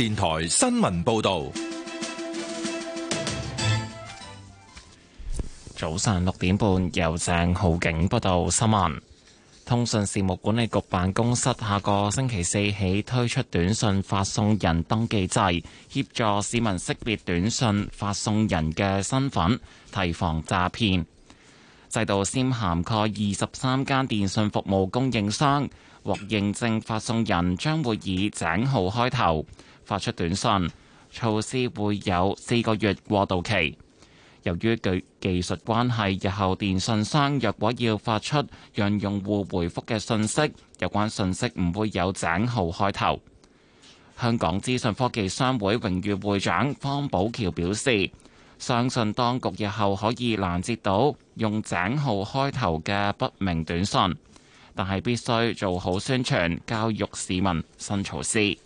電台新聞報道：早上六點半，由鄭浩景報道新聞。通訊事務管理局辦公室下個星期四起推出短訊發送人登記制，協助市民識別短訊發送人嘅身份，提防詐騙。制度先涵蓋二十三間電訊服務供應商，獲認證發送人將會以井號開頭。發出短信措施會有四個月過渡期。由於具技術關係，日後電信商若果要發出讓用戶回覆嘅信息，有關信息唔會有井號開頭。香港資訊科技商會榮譽會長方寶橋表示，相信當局日後可以攔截到用井號開頭嘅不明短信，但係必須做好宣傳，教育市民新措施。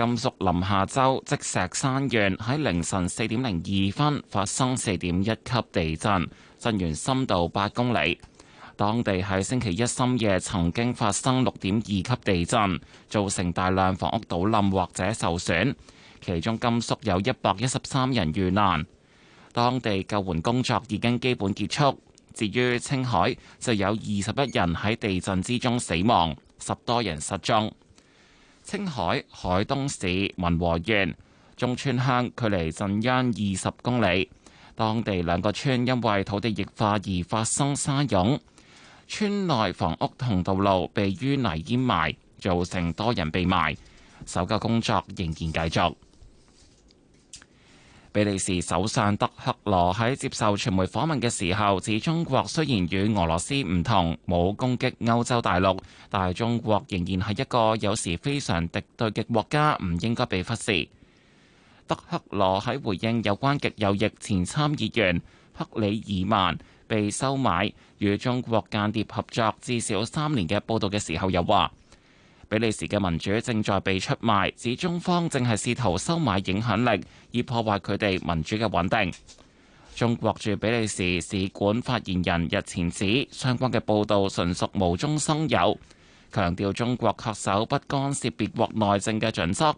甘肅臨夏州積石山縣喺凌晨四點零二分發生四點一級地震，震源深度八公里。當地喺星期一深夜曾經發生六點二級地震，造成大量房屋倒冧或者受損，其中甘肅有一百一十三人遇難。當地救援工作已經基本結束。至於青海，就有二十一人喺地震之中死亡，十多人失蹤。青海海東市民和縣中川鄉距離震央二十公里，當地兩個村因為土地液化而發生沙湧，村內房屋同道路被淤泥淹埋，造成多人被埋，搜救工作仍然繼續。比利時首相德克羅喺接受傳媒訪問嘅時候指，中國雖然與俄羅斯唔同，冇攻擊歐洲大陸，但中國仍然係一個有時非常敵對嘅國家，唔應該被忽視。德克羅喺回應有關極右翼前參議員克里爾曼被收買與中國間諜合作至少三年嘅報導嘅時候又，又話。比利時嘅民主正在被出賣，指中方正係試圖收買影響力，以破壞佢哋民主嘅穩定。中國駐比利時使館發言人日前指相關嘅報道純屬無中生有，強調中國恪守不干涉別國內政嘅準則，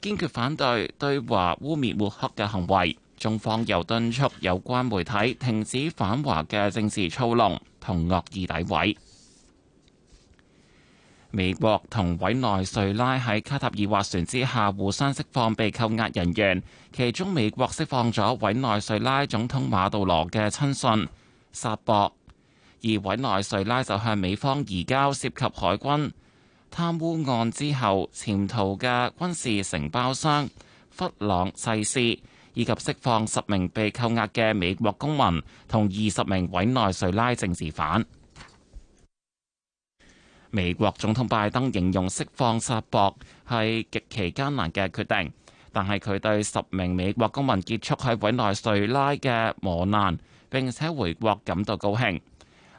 堅決反對對華污蔑抹黑嘅行為。中方又敦促有關媒體停止反華嘅政治操弄同惡意詆毀。美國同委內瑞拉喺卡塔爾斡旋之下互相釋放被扣押人員，其中美國釋放咗委內瑞拉總統馬杜羅嘅親信薩博，而委內瑞拉就向美方移交涉及海軍貪污案之後潛逃嘅軍事承包商弗朗西斯，以及釋放十名被扣押嘅美國公民同二十名委內瑞拉政治犯。美國總統拜登形容釋放薩博係極其艱難嘅決定，但係佢對十名美國公民結束喺委內瑞拉嘅磨難並且回國感到高興。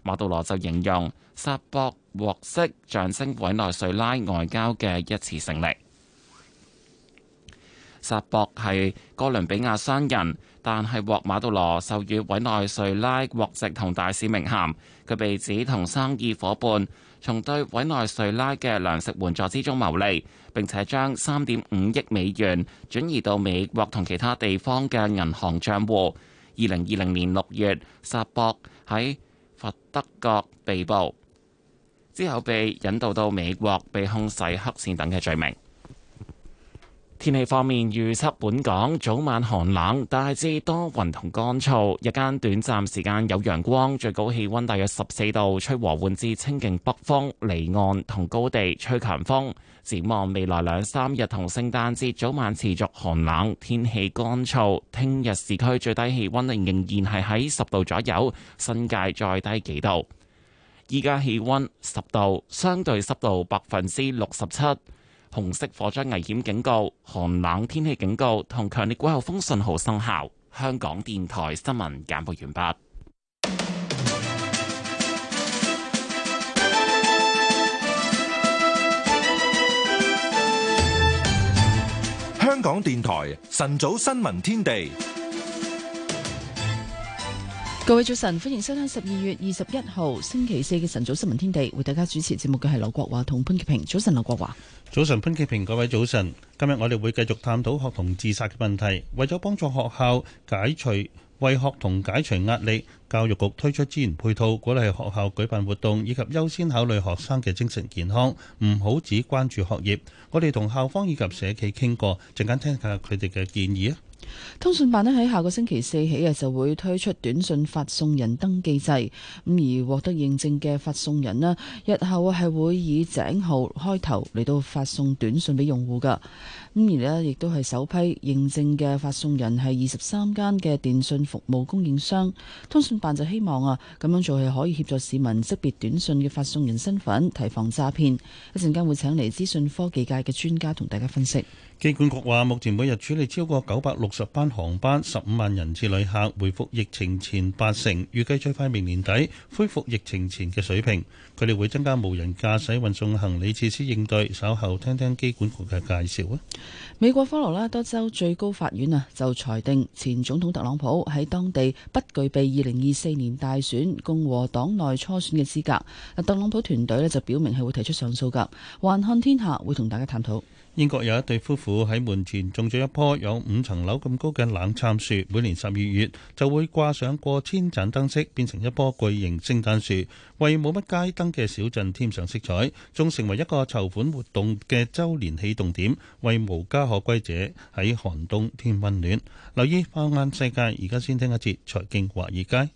馬杜羅就形容薩博獲釋象徵委內瑞拉外交嘅一次勝利。薩博係哥倫比亞商人，但係獲馬杜羅授予委內瑞拉國籍同大使名銜。佢被指同生意伙伴從對委內瑞拉嘅糧食援助之中牟利，並且將三點五億美元轉移到美國同其他地方嘅銀行帳戶。二零二零年六月，薩博喺佛得角被捕，之後被引渡到美國，被控洗黑錢等嘅罪名。天氣方面，預測本港早晚寒冷，大致多雲同乾燥，日間短暫時間有陽光，最高氣溫大約十四度，吹和緩至清勁北風，離岸同高地吹強風。展望未來兩三日同聖誕節早晚持續寒冷，天氣乾燥。聽日市區最低氣温仍然係喺十度左右，新界再低幾度。依家氣温十度，相對濕度百分之六十七。紅色火災危險警告、寒冷天氣警告同強烈季候風信號生效。香港電台新聞簡報完畢。香港電台晨早新聞天地，各位早晨，歡迎收聽十二月二十一號星期四嘅晨早新聞天地。為大家主持節目嘅係劉國華同潘潔平。早晨，劉國華。早晨，潘建平，各位早晨。今日我哋會繼續探討學童自殺嘅問題，為咗幫助學校解除為學童解除壓力，教育局推出資源配套，鼓勵學校舉辦活動，以及優先考慮學生嘅精神健康，唔好只關注學業。我哋同校方以及社企傾過，陣間聽下佢哋嘅建議啊。通訊辦咧喺下個星期四起啊，就會推出短信發送人登記制，咁而獲得認證嘅發送人咧，日後啊係會以井號開頭嚟到發送短信俾用戶噶，咁而呢亦都係首批認證嘅發送人係二十三間嘅電信服務供應商。通訊辦就希望啊，咁樣做係可以協助市民識別短信嘅發送人身份，提防詐騙。一陣間會請嚟資訊科技界嘅專家同大家分析。機管局話，目前每日處理超過九百六十班航班，十五萬人次旅客，回復疫情前八成，預計最快明年底恢復疫情前嘅水平。佢哋會增加無人駕駛運送行李設施應對。稍後聽聽機管局嘅介紹啊！美國科羅拉多州最高法院啊就裁定前總統特朗普喺當地不具備二零二四年大選共和黨內初選嘅資格。特朗普團隊咧就表明係會提出上訴噶。還看天下會同大家探討。英國有一對夫婦喺門前種咗一棵有五層樓咁高嘅冷杉樹，每年十二月就會掛上過千盞燈飾，變成一棵巨型聖誕樹，為冇乜街燈嘅小鎮添上色彩，仲成為一個籌款活動嘅周年啟動點，為無家可歸者喺寒冬添溫暖。留意放眼世界，而家先聽一節財經華爾街。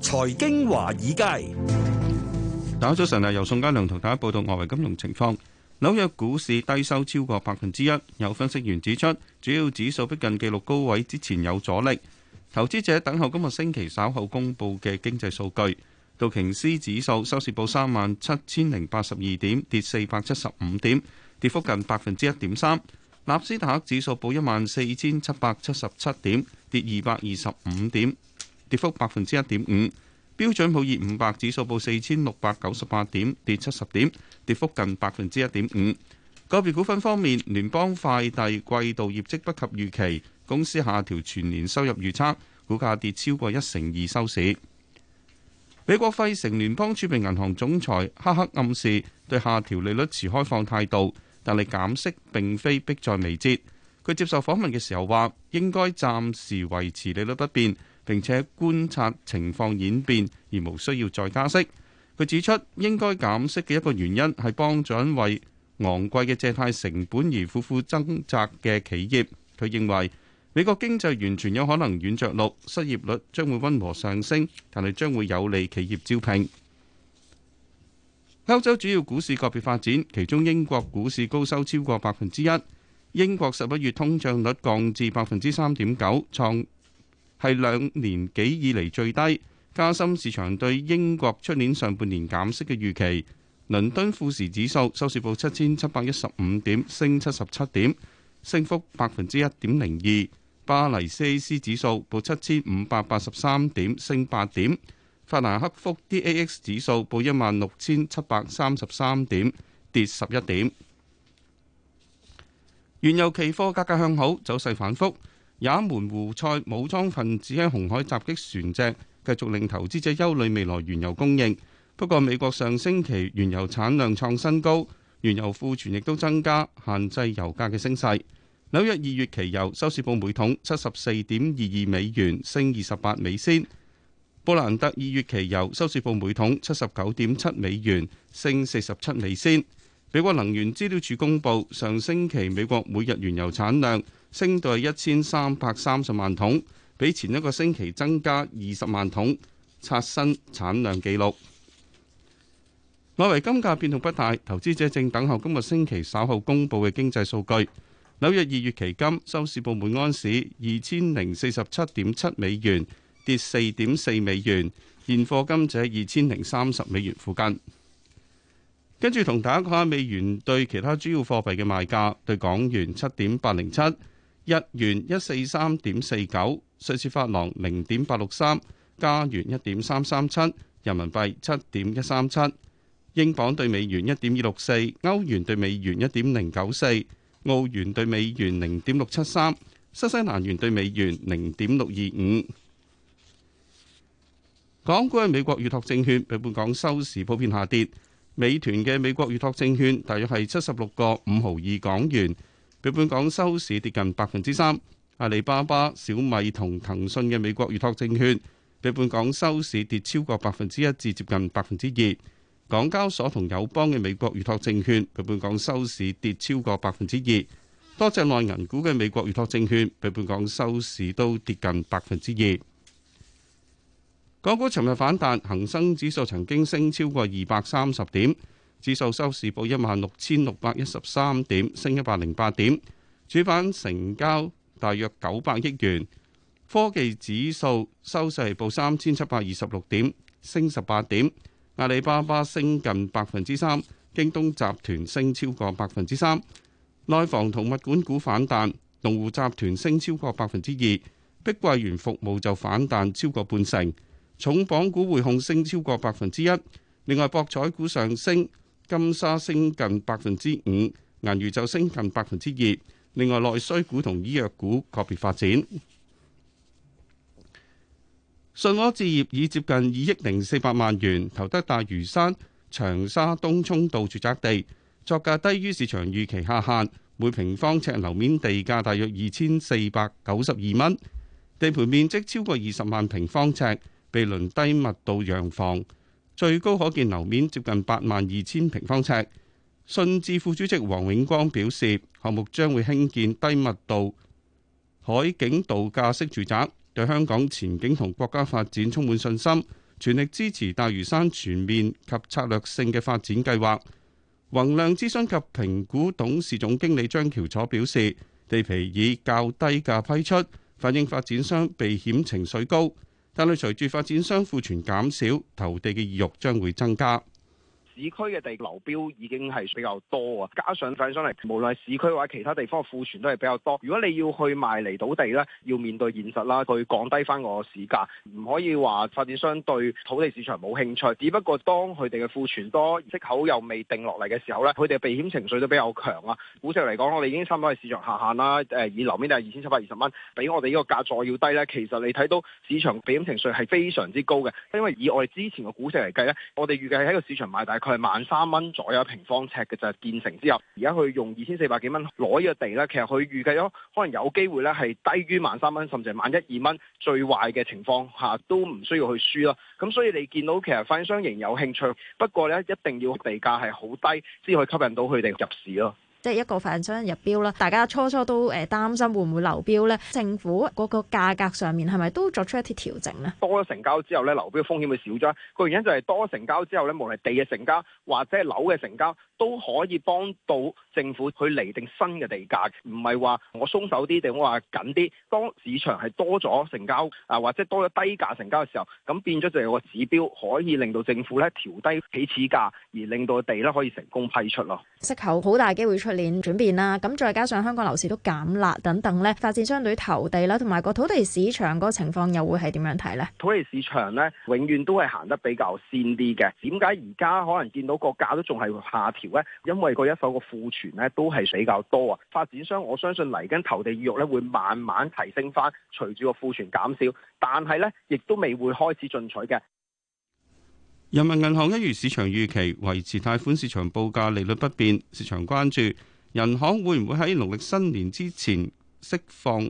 財經華爾街。早晨啊，由宋嘉良同大家報道外圍金融情況。紐約股市低收超過百分之一，有分析員指出，主要指數逼近紀錄高位之前有阻力。投資者等候今個星期稍後公布嘅經濟數據。道瓊斯指數收市報三萬七千零八十二點，跌四百七十五點，跌幅近百分之一點三。納斯達克指數報一萬四千七百七十七點，跌二百二十五點，跌幅百分之一點五。標準普爾五百指數報四千六百九十八點，跌七十點，跌幅近百分之一點五。個別股份方面，聯邦快遞季度業績不及預期，公司下調全年收入預測，股價跌超過一成二收市。美國費城聯邦儲備銀行總裁黑克暗示對下調利率持開放態度，但係減息並非迫在眉睫。佢接受訪問嘅時候話，應該暫時維持利率不變。並且觀察情況演變，而無需要再加息。佢指出，應該減息嘅一個原因係幫助為昂貴嘅借貸成本而苦苦掙扎嘅企業。佢認為美國經濟完全有可能軟着陸，失業率將會溫和上升，但係將會有利企業招聘。歐洲主要股市個別發展，其中英國股市高收超過百分之一。英國十一月通脹率降至百分之三點九，創係兩年幾以嚟最低，加深市場對英國出年上半年減息嘅預期。倫敦富時指數收市報七千七百一十五點，升七十七點，升幅百分之一點零二。巴黎 CAC 指數報七千五百八十三點，升八點。法蘭克福 DAX 指數報一萬六千七百三十三點，跌十一點。原油期貨價格向好，走勢反覆也門胡塞武裝分子喺紅海襲擊船隻，繼續令投資者憂慮未來原油供應。不過美國上星期原油產量創新高，原油庫存亦都增加，限制油價嘅升勢。紐約二月期油收市報每桶七十四點二二美元，升二十八美仙。布蘭特二月期油收市報每桶七十九點七美元，升四十七美仙。美國能源資料處公佈，上星期美國每日原油產量，升到一千三百三十萬桶，比前一個星期增加二十萬桶，刷新產量紀錄。外圍金價變動不大，投資者正等候今個星期稍後公佈嘅經濟數據。紐約二月期金收市報每安士二千零四十七點七美元，跌四點四美元，現貨金則係二千零三十美元附近。跟住同大家看下美元對其他主要貨幣嘅賣價，對港元七點八零七。日元一四三點四九，瑞士法郎零點八六三，加元一點三三七，人民幣七點一三七，英鎊對美元一點二六四，歐元對美元一點零九四，澳元對美元零點六七三，新西蘭元對美元零點六二五。港股嘅美國預託證券比本港收市普遍下跌，美團嘅美國預託證券大約係七十六個五毫二港元。比本港收市跌近百分之三，阿里巴巴、小米同騰訊嘅美國預託證券，比本港收市跌超過百分之一至接近百分之二。港交所同友邦嘅美國預託證券，比本港收市跌超過百分之二。多隻內銀股嘅美國預託證券，比本港收市都跌近百分之二。港股尋日反彈，恒生指數曾經升超過二百三十點。指數收市報一萬六千六百一十三點，升一百零八點。主板成交大約九百億元。科技指數收市報三千七百二十六點，升十八點。阿里巴巴升近百分之三，京東集團升超過百分之三。內房同物管股反彈，龍湖集團升超過百分之二，碧桂園服務就反彈超過半成。重磅股匯控升超過百分之一，另外博彩股上升。金沙升近百分之五，銀娛就升近百分之二。另外，內需股同醫藥股個別發展。信和置業以接近二億零四百萬元投得大嶼山長沙東涌道住宅地，作價低於市場預期下限，每平方尺樓面地價大約二千四百九十二蚊，地盤面積超過二十萬平方尺，被輪低密度洋房。最高可建樓面接近八萬二千平方尺。信置副主席黃永光表示，項目將會興建低密度海景度假式住宅，對香港前景同國家發展充滿信心，全力支持大嶼山全面及策略性嘅發展計劃。宏亮諮詢及評估董事總經理張橋楚表示，地皮以較低價批出，反映發展商避險情緒高。但係，隨住發展商庫存減少，投地嘅意欲將會增加。市區嘅地流標，已經係比較多啊，加上發展商嚟，無論係市區或者其他地方嘅庫存都係比較多。如果你要去賣離島地呢，要面對現實啦，去降低翻個市價，唔可以話發展商對土地市場冇興趣。只不過當佢哋嘅庫存多，息口又未定落嚟嘅時候呢，佢哋嘅避險情緒都比較強啊。股市嚟講，我哋已經差唔多係市場下限啦。誒，以樓面價二千七百二十蚊，比我哋呢個價再要低呢。其實你睇到市場避險情緒係非常之高嘅，因為以我哋之前嘅股市嚟計呢，我哋預計喺個市場買大。佢係萬三蚊左右平方尺嘅就係、是、建成之後，而家佢用二千四百幾蚊攞呢個地咧，其實佢預計咗可能有機會咧係低於萬三蚊，甚至萬一二蚊，最壞嘅情況下都唔需要去輸咯。咁所以你見到其實發展商仍有興趣，不過咧一定要地價係好低先可以吸引到佢哋入市咯。即係一個發展商入標啦，大家初初都誒擔心會唔會流標呢？政府嗰個價格上面係咪都作出一啲調整呢？多咗成交之後呢，流標風險會少咗。個原因就係多成交之後呢，無論地嘅成交或者係樓嘅成交，都可以幫到政府去釐定新嘅地價，唔係話我鬆手啲定話緊啲。當市場係多咗成交啊，或者多咗低價成交嘅時候，咁變咗就係個指標可以令到政府呢調低起始價，而令到地呢可以成功批出咯。息口好大機會出年轉變啦，咁再加上香港樓市都減辣等等咧，發展商對投地啦，同埋個土地市場個情況又會係點樣睇咧？土地市場咧，永遠都係行得比較先啲嘅。點解而家可能見到個價都仲係下調咧？因為個一手個庫存咧都係比較多。啊，發展商我相信嚟緊投地意欲咧會慢慢提升翻，隨住個庫存減少，但係咧亦都未會開始進取嘅。人民銀行一如市場預期維持貸款市場報價利率不變，市場關注人行會唔會喺農曆新年之前釋放？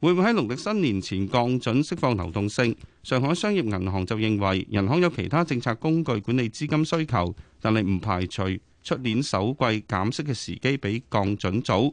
會唔會喺農曆新年前降準釋放流動性？上海商業銀行就認為人行有其他政策工具管理資金需求，但係唔排除出年首季減息嘅時機比降準早。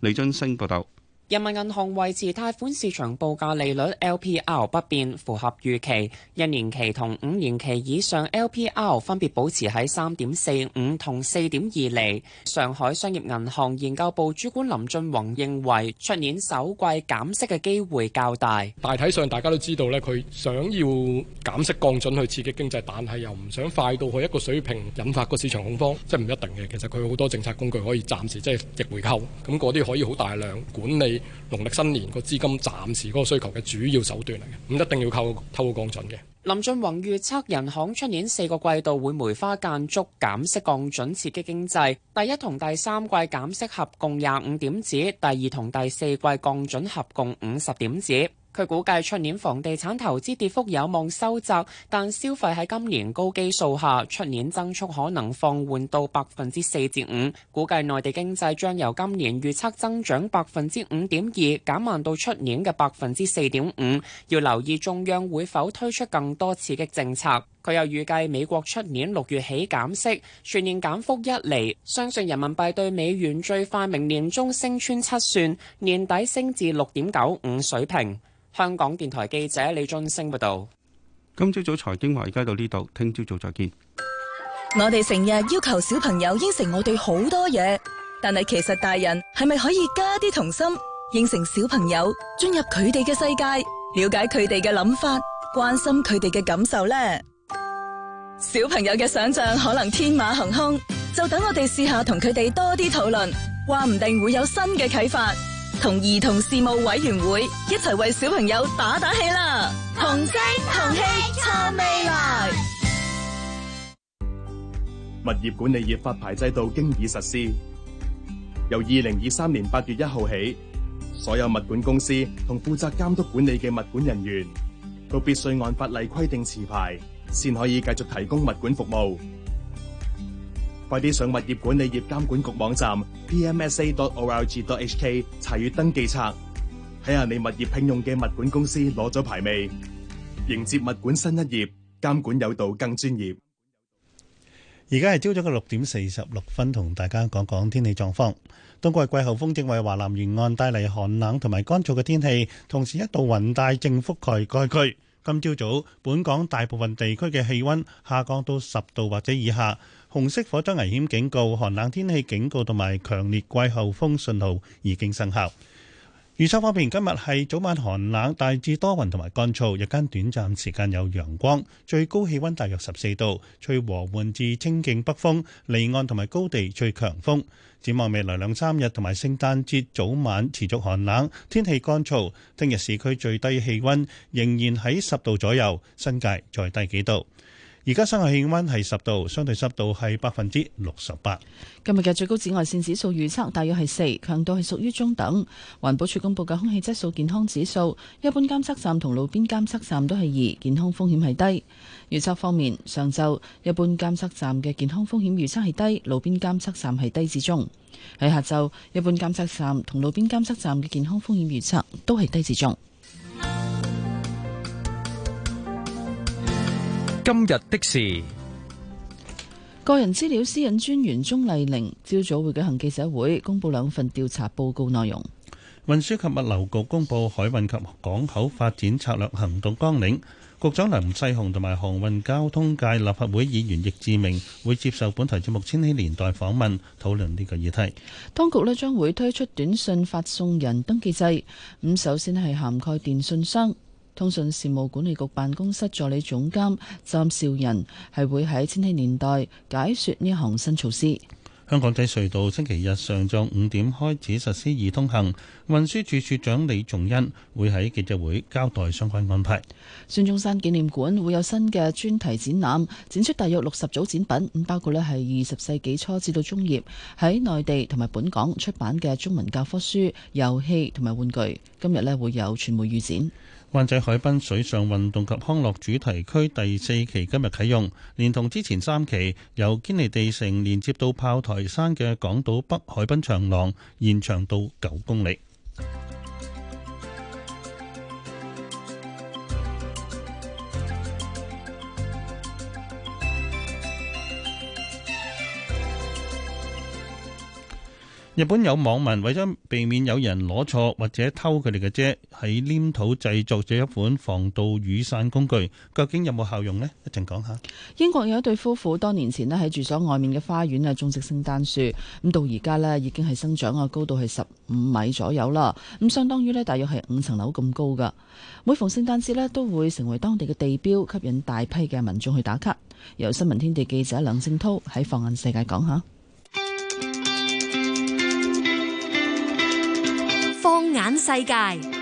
李津星報道。人民銀行維持貸款市場報價利率 LPR 不變，符合預期。一年期同五年期以上 LPR 分別保持喺三點四五同四點二厘。上海商業銀行研究部主管林俊宏認為，出年首季減息嘅機會較大。大體上大家都知道呢，佢想要減息降準去刺激經濟，但係又唔想快到去一個水平引發個市場恐慌，即係唔一定嘅。其實佢好多政策工具可以暫時即係逆回購，咁嗰啲可以好大量管理。農曆新年個資金暫時嗰個需求嘅主要手段嚟嘅，唔一定要透過降準嘅。林俊宏預測人行出年四個季度會梅花間竹減息降準刺激經濟，第一同第三季減息合共廿五點子，第二同第四季降準合共五十點子。佢估計出年房地產投資跌幅有望收窄，但消費喺今年高基數下，出年增速可能放緩到百分之四至五。估計內地經濟將由今年預測增長百分之五點二減慢到出年嘅百分之四點五。要留意中央會否推出更多刺激政策。佢又預計美國出年六月起減息，全年減幅一釐，相信人民幣對美元最快明年中升穿七算，年底升至六點九五水平。香港電台記者李俊升報道。今朝早財經話，而家到呢度，聽朝早再見。我哋成日要求小朋友應承我哋好多嘢，但係其實大人係咪可以加啲童心，應承小朋友進入佢哋嘅世界，了解佢哋嘅諗法，關心佢哋嘅感受呢？小朋友嘅想象可能天馬行空，就等我哋試下同佢哋多啲討論，話唔定會有新嘅啟發。同兒童事務委員會一齊為小朋友打打氣啦！同聲同氣撐未來。物業管理業發牌制度經已實施，由二零二三年八月一號起，所有物管公司同負責監督管理嘅物管人員，都必須按法例規定持牌。先可以繼續提供物管服務，快啲上物業管理業監管局網站 pmsa.org.hk 查閱登記冊，睇下你物業聘用嘅物管公司攞咗牌未？迎接物管新一頁，監管有道更專業。而家係朝早嘅六點四十六分，同大家講講天氣狀況。冬季季候風正為華南沿岸帶嚟寒冷同埋乾燥嘅天氣，同時一道雲帶正覆蓋該區。今朝早，早，本港大部分地區嘅氣溫下降到十度或者以下，紅色火災危險警告，寒冷天氣警告同埋強烈季候風信號已經生效。預測方面，今日係早晚寒冷，大致多雲同埋乾燥，日間短暫時間有陽光，最高氣溫大約十四度，吹和緩至清勁北風，離岸同埋高地吹強風。展望未來兩三日同埋聖誕節早晚持續寒冷，天氣乾燥。聽日市區最低氣溫仍然喺十度左右，新界再低幾度。而家室外氣溫係十度，相對濕度係百分之六十八。今日嘅最高紫外線指數預測大約係四，強度係屬於中等。環保署公布嘅空氣質素健康指數，一般監測站同路邊監測站都係二，健康風險係低。預測方面，上晝一般監測站嘅健康風險預測係低，路邊監測站係低至中。喺下晝，一般監測站同路邊監測站嘅健康風險預測都係低至中。今日的事，個人資料私隱專員鍾麗玲朝早會舉行記者會，公布兩份調查報告內容。運輸及物流局公布海運及港口發展策略行動綱領，局長林世雄同埋航運交通界立法會議員易志明會接受本台節目《千禧年代》訪問，討論呢個議題。當局呢將會推出短信發送人登記制，咁首先係涵蓋電信商。通訊事務管理局辦公室助理總監湛兆仁係會喺千禧年代解說呢項新措施。香港仔隧道星期日上晝五點開始實施易通行。運輸署署長李仲恩會喺記者會交代相關安排。孫中山紀念館會有新嘅專題展覽，展出大約六十組展品，咁包括咧係二十世紀初至到中葉喺內地同埋本港出版嘅中文教科書、遊戲同埋玩具。今日咧會有傳媒預展。灣仔海濱水上運動及康樂主題區第四期今日啟用，連同之前三期，由堅尼地城連接到炮台山嘅港島北海濱長廊，延長到九公里。日本有網民為咗避免有人攞錯或者偷佢哋嘅遮，喺黏土製作咗一款防盜雨傘工具，究竟有冇效用呢？一陣講下。英國有一對夫婦多年前咧喺住所外面嘅花園啊種植聖誕樹，咁到而家咧已經係生長嘅高度係十五米左右啦，咁相當於咧大約係五層樓咁高噶。每逢聖誕節咧都會成為當地嘅地標，吸引大批嘅民眾去打卡。由新聞天地記者梁勝濤喺放眼世界講下。玩世界。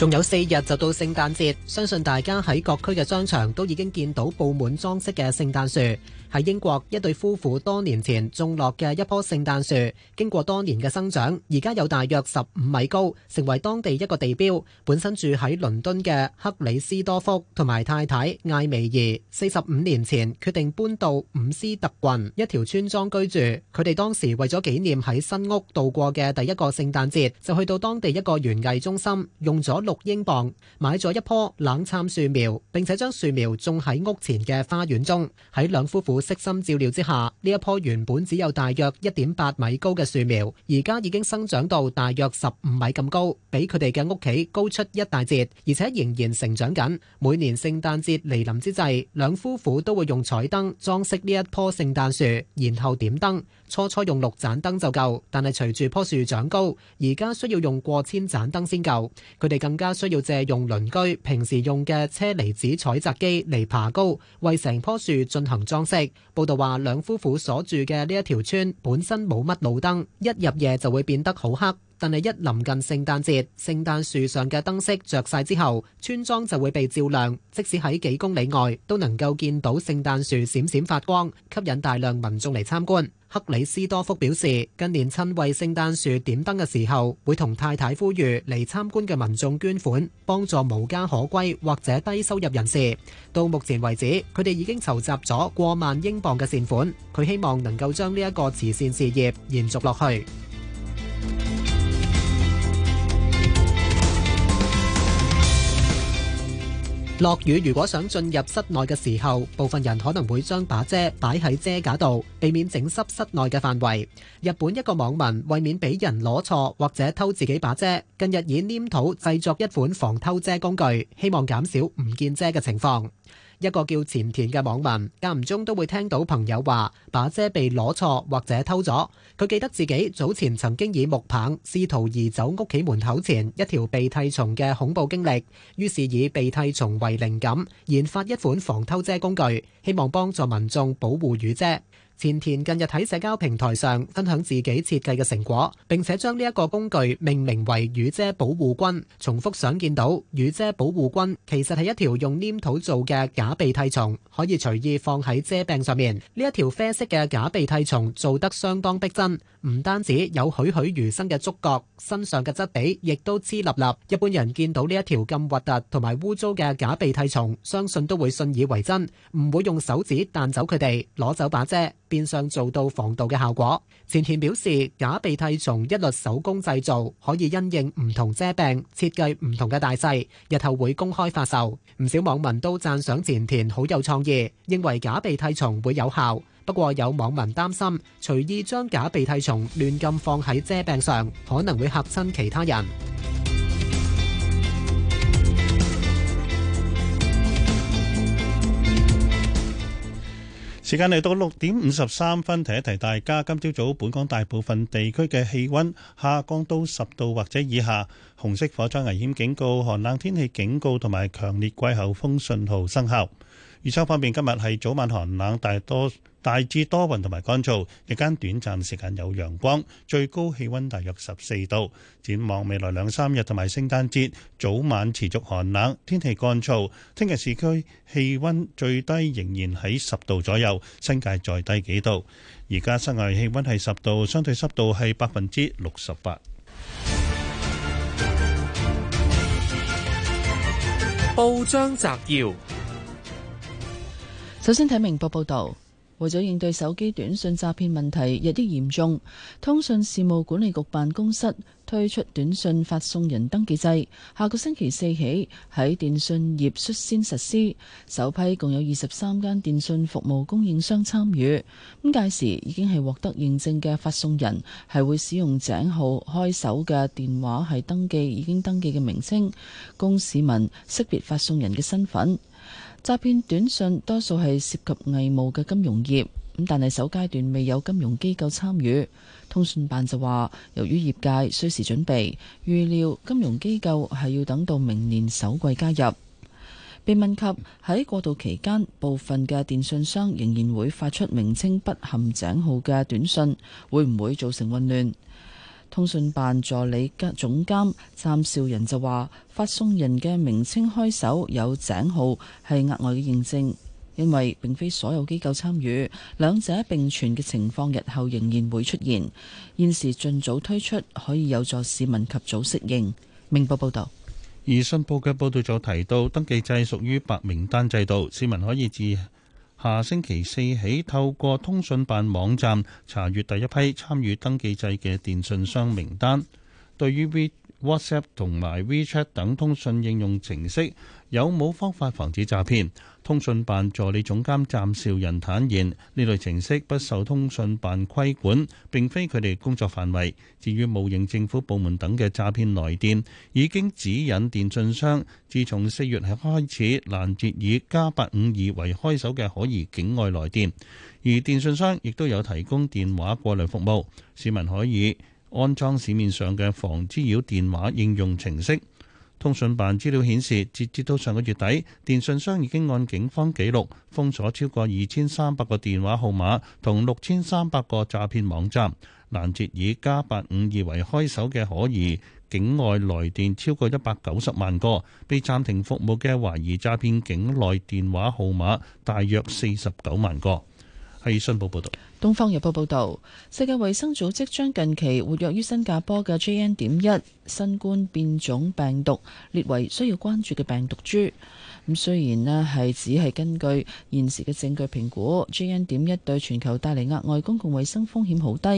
仲有四日就到聖誕節，相信大家喺各區嘅商場都已經見到佈滿裝飾嘅聖誕樹。喺英國一對夫婦多年前種落嘅一棵聖誕樹，經過多年嘅生長，而家有大約十五米高，成為當地一個地標。本身住喺倫敦嘅克里斯多福同埋太太艾薇兒，四十五年前決定搬到伍斯特郡一條村莊居住。佢哋當時為咗紀念喺新屋度過嘅第一個聖誕節，就去到當地一個園藝中心，用咗六英鎊買咗一棵冷杉樹苗，並且將樹苗種喺屋前嘅花園中。喺兩夫婦悉心照料之下，呢一棵原本只有大約一點八米高嘅樹苗，而家已經生長到大約十五米咁高，比佢哋嘅屋企高出一大截，而且仍然成長緊。每年聖誕節嚟臨之際，兩夫婦都會用彩燈裝飾呢一棵聖誕樹，然後點燈。初初用六盞燈就夠，但係隨住棵樹長高，而家需要用過千盞燈先夠。佢哋更加需要借用鄰居平時用嘅車厘子採摘機嚟爬高，為成棵樹進行裝飾。報道話，兩夫婦所住嘅呢一條村本身冇乜路燈，一入夜就會變得好黑。但係一臨近聖誕節，聖誕樹上嘅燈飾着晒之後，村莊就會被照亮，即使喺幾公里外都能夠見到聖誕樹閃閃發光，吸引大量民眾嚟參觀。克里斯多福表示，近年親為聖誕樹點燈嘅時候，會同太太呼籲嚟參觀嘅民眾捐款，幫助無家可歸或者低收入人士。到目前為止，佢哋已經籌集咗過萬英鎊嘅善款，佢希望能夠將呢一個慈善事業延續落去。落雨如果想進入室內嘅時候，部分人可能會將把遮擺喺遮架度，避免整濕室內嘅範圍。日本一個網民為免畀人攞錯或者偷自己把遮，近日以黏土製作一款防偷遮工具，希望減少唔見遮嘅情況。一個叫前田嘅網民，間唔中都會聽到朋友話把遮被攞錯或者偷咗。佢記得自己早前曾經以木棒試圖移走屋企門口前一條鼻涕蟲嘅恐怖經歷，於是以鼻涕蟲為靈感，研發一款防偷遮工具，希望幫助民眾保護雨遮。前田近日喺社交平台上分享自己設計嘅成果，並且將呢一個工具命名為雨遮保護軍。重複想見到雨遮保護軍其實係一條用黏土做嘅假鼻涕蟲，可以隨意放喺遮柄上面。呢一條啡色嘅假鼻涕蟲做得相當逼真，唔單止有栩栩如生嘅觸角，身上嘅質地亦都黐立立。一般人見到呢一條咁核突同埋污糟嘅假鼻涕蟲，相信都會信以為真，唔會用手指彈走佢哋，攞走把遮，變相做到防盜嘅效果。前田表示，假鼻涕蟲一律手工製造，可以因應唔同遮柄設計唔同嘅大細。日後會公開發售。唔少網民都讚賞前田好有創意，認為假鼻涕蟲會有效。不過有網民擔心，隨意將假鼻涕蟲亂咁放喺遮柄上，可能會嚇親其他人。時間嚟到六點五十三分，提一提大家，今朝早，早本港大部分地區嘅氣溫下降到十度或者以下，紅色火災危險警告、寒冷天氣警告同埋強烈季候風信號生效。預測方面，今日係早晚寒冷，大多大致多雲同埋乾燥，日間短暫時間有陽光，最高氣溫大約十四度。展望未來兩三日同埋聖誕節，早晚持續寒冷，天氣乾燥。聽日市區氣溫最低仍然喺十度左右，新界再低幾度。而家室外氣溫係十度，相對濕度係百分之六十八。報章摘要。首先睇明報報道，為咗應對手機短信詐騙問題日益嚴重，通訊事務管理局辦公室推出短信發送人登記制，下個星期四起喺電信業率先實施，首批共有二十三間電信服務供應商參與。咁屆時已經係獲得認證嘅發送人，係會使用井號開首嘅電話係登記已經登記嘅名稱，供市民識別發送人嘅身份。詐騙短信多數係涉及偽冒嘅金融業，咁但係首階段未有金融機構參與。通訊辦就話，由於業界需時準備，預料金融機構係要等到明年首季加入。被問及喺過渡期間，部分嘅電信商仍然會發出名稱不含井號嘅短信，會唔會造成混亂？通訊辦助理總監湛少仁就話：發送人嘅名稱開首有井號係額外嘅認證，因為並非所有機構參與，兩者並存嘅情況日後仍然會出現。現時盡早推出可以有助市民及早適應。明報報道。而信報嘅報道就提到，登記制屬於白名單制度，市民可以自下星期四起，透過通訊辦網站查閱第一批參與登記制嘅電訊商名單。對於 WhatsApp 同埋 WeChat 等通訊應用程式，有冇方法防止詐騙？通訊辦助理總監湛兆仁坦言，呢類程式不受通訊辦規管，並非佢哋工作範圍。至於冒認政府部門等嘅詐騙來電，已經指引電訊商，自從四月起開始攔截以加八五二為開首嘅可疑境外來電。而電訊商亦都有提供電話過濾服務，市民可以安裝市面上嘅防滋擾電話應用程式。通信辦資料顯示，截至到上個月底，電信商已經按警方記錄封鎖超過二千三百個電話號碼同六千三百個詐騙網站，攔截以加八五二為開首嘅可疑境外來電超過一百九十萬個，被暫停服務嘅懷疑詐騙境內電話號碼大約四十九萬個。係《新報》報道，《東方日報，報》日報道，世界衛生組織將近期活躍於新加坡嘅 g n 點一新冠變種病毒列為需要關注嘅病毒株。咁雖然咧係只係根據現時嘅證據評估 g n 點一對全球帶嚟額外公共衛生風險好低。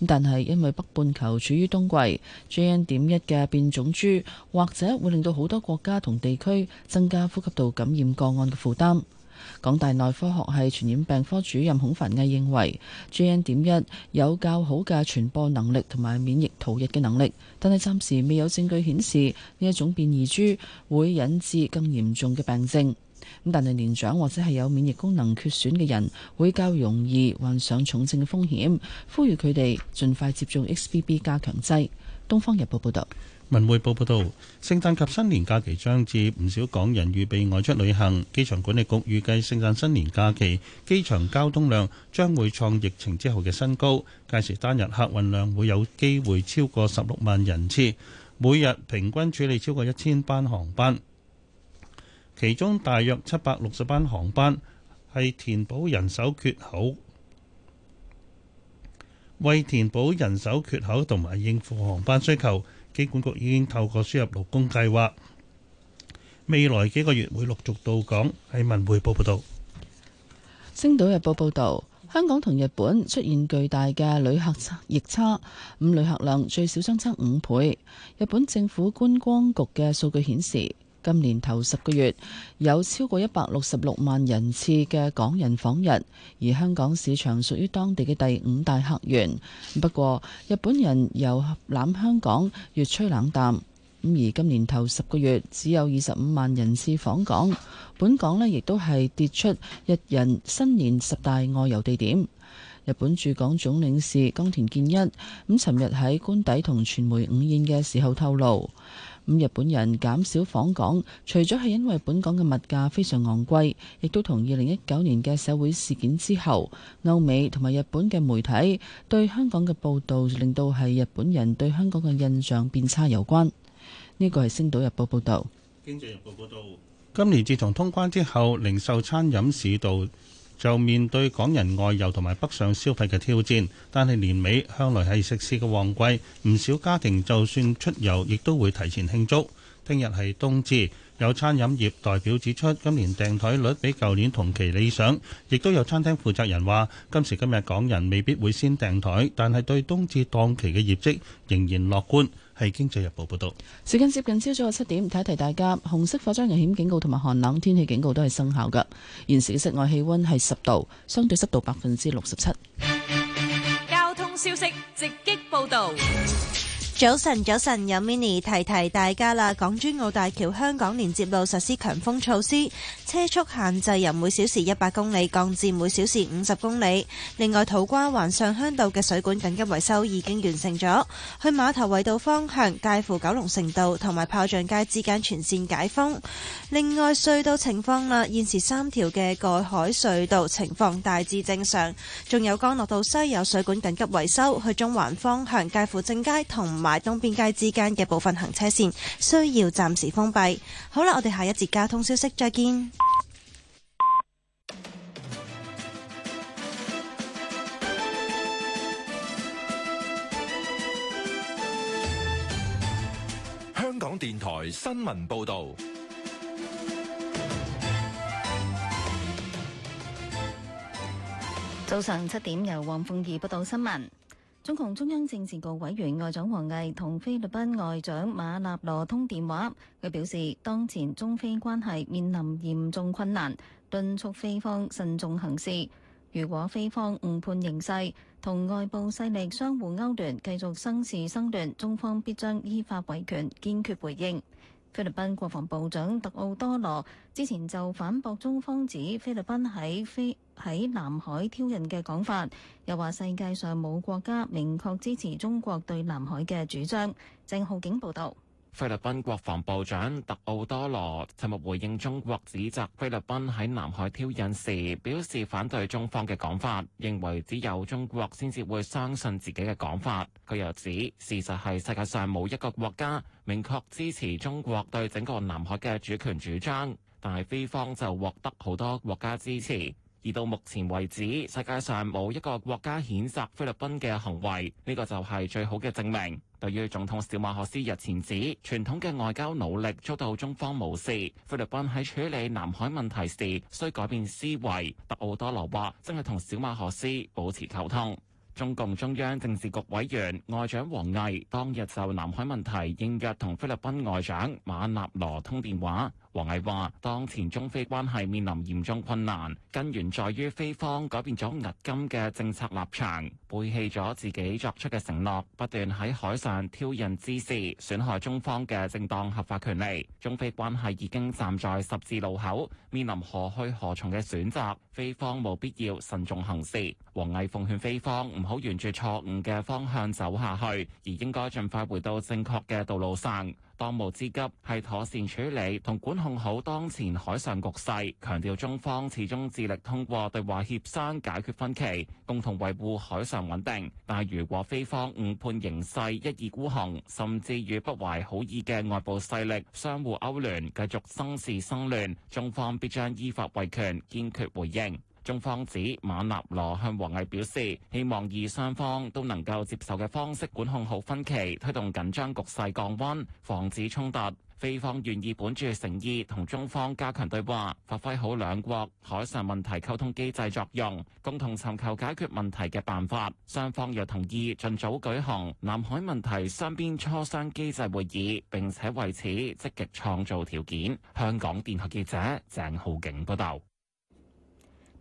咁但係因為北半球處於冬季，g n 點一嘅變種株或者會令到好多國家同地區增加呼吸道感染個案嘅負擔。港大內科學系傳染病科主任孔凡毅認為，JN. 點一有較好嘅傳播能力同埋免疫逃逸嘅能力，但係暫時未有證據顯示呢一種變異株會引致更嚴重嘅病症。咁但係年長或者係有免疫功能缺損嘅人會較容易患上重症嘅風險，呼籲佢哋盡快接種 XBB 加強劑。《東方日報》報道。文匯報報道，聖誕及新年假期將至，唔少港人預備外出旅行。機場管理局預計聖誕、新年假期機場交通量將會創疫情之後嘅新高，屆時單日客運量會有機會超過十六萬人次，每日平均處理超過一千班航班。其中大約七百六十班航班係填補人手缺口，為填補人手缺口同埋應付航班需求。機管局已經透過輸入勞工計劃，未來幾個月會陸續到港。係文匯報報道。星島日報報道，香港同日本出現巨大嘅旅客差逆差，咁旅客量最少相差五倍。日本政府觀光局嘅數據顯示。今年頭十個月有超過一百六十六萬人次嘅港人訪日，而香港市場屬於當地嘅第五大客源。不過，日本人遊覽香港越趨冷淡，咁而今年頭十個月只有二十五萬人次訪港。本港呢亦都係跌出日人新年十大外遊地點。日本駐港總領事岡田健一咁，尋日喺官邸同傳媒午宴嘅時候透露。咁日本人減少訪港，除咗係因為本港嘅物價非常昂貴，亦都同二零一九年嘅社會事件之後，歐美同埋日本嘅媒體對香港嘅報道，令到係日本人對香港嘅印象變差有關。呢個係星島日報報道。經濟日報報道，今年自從通關之後，零售餐飲市道，就面對港人外遊同埋北上消費嘅挑戰，但係年尾向來係食肆嘅旺季，唔少家庭就算出遊亦都會提前慶祝。聽日係冬至，有餐飲業代表指出，今年訂台率比舊年同期理想，亦都有餐廳負責人話，今時今日港人未必會先訂台，但係對冬至檔期嘅業績仍然樂觀。係《經濟日報》報道。時間接近朝早嘅七點，提一提大家，紅色火災危險警告同埋寒冷天氣警告都係生效噶。現時嘅室外氣溫係十度，相對濕度百分之六十七。交通消息直擊報道。早晨，早晨有 mini 提提大家啦。港珠澳大橋香港連接路實施強風措施，車速限制由每小時一百公里降至每小時五十公里。另外，土瓜灣上鄉道嘅水管緊急維修已經完成咗。去馬頭圍道方向介乎九龍城道同埋炮仗街之間全線解封。另外，隧道情況啦，現時三條嘅過海隧道情況大致正常。仲有干諾道西有水管緊急維修，去中環方向介乎正街同埋。埋東邊街之間嘅部分行車線需要暫時封閉。好啦，我哋下一節交通消息再見。香港電台新聞報道。早上七點，由黃鳳儀報道新聞。中共中央政治局委員外長王毅同菲律賓外長馬納羅通電話，佢表示，當前中菲關係面臨嚴重困難，敦促菲方慎重行事。如果菲方誤判形勢，同外部勢力相互勾連，繼續生事生亂，中方必將依法維權，堅決回應。菲律賓國防部長特奧多羅之前就反駁中方指菲律賓喺菲喺南海挑釁嘅講法，又話世界上冇國家明確支持中國對南海嘅主張。鄭浩景報道。菲律賓國防部長特奧多羅尋日回應中國指責菲律賓喺南海挑釁時，表示反對中方嘅講法，認為只有中國先至會相信自己嘅講法。佢又指事實係世界上冇一個國家明確支持中國對整個南海嘅主權主張，但係菲方就獲得好多國家支持。而到目前為止，世界上冇一個國家譴責菲律賓嘅行為，呢個就係最好嘅證明。對於總統小馬可斯日前指傳統嘅外交努力遭到中方無視，菲律賓喺處理南海問題時需改變思維，特奧多羅話正係同小馬可斯保持溝通。中共中央政治局委員外長王毅當日就南海問題應約同菲律賓外長馬納羅通電話。王毅話，當前中菲關係面臨嚴重困難，根源在於菲方改變咗押金嘅政策立場，背棄咗自己作出嘅承諾，不斷喺海上挑釁滋事，損害中方嘅正當合法權利。中菲關係已經站在十字路口，面臨何去何從嘅選擇，菲方冇必要慎重行事。王毅奉勸菲方唔好沿住錯誤嘅方向走下去，而應該盡快回到正確嘅道路上。當務之急係妥善處理同管控好當前海上局勢，強調中方始終致力通過對話協商解決分歧，共同維護海上穩定。但如果菲方誤判形勢，一意孤行，甚至與不懷好意嘅外部勢力相互勾聯，繼續生事生亂，中方必將依法維權，堅決回應。中方指馬納羅向王毅表示，希望以雙方都能夠接受嘅方式管控好分歧，推動緊張局勢降温，防止衝突。菲方願意本着誠意同中方加強對話，發揮好兩國海上問題溝通機制作用，共同尋求解決問題嘅辦法。雙方又同意盡早舉行南海問題雙邊磋商機制會議，並且為此積極創造條件。香港電台記者鄭浩景報道。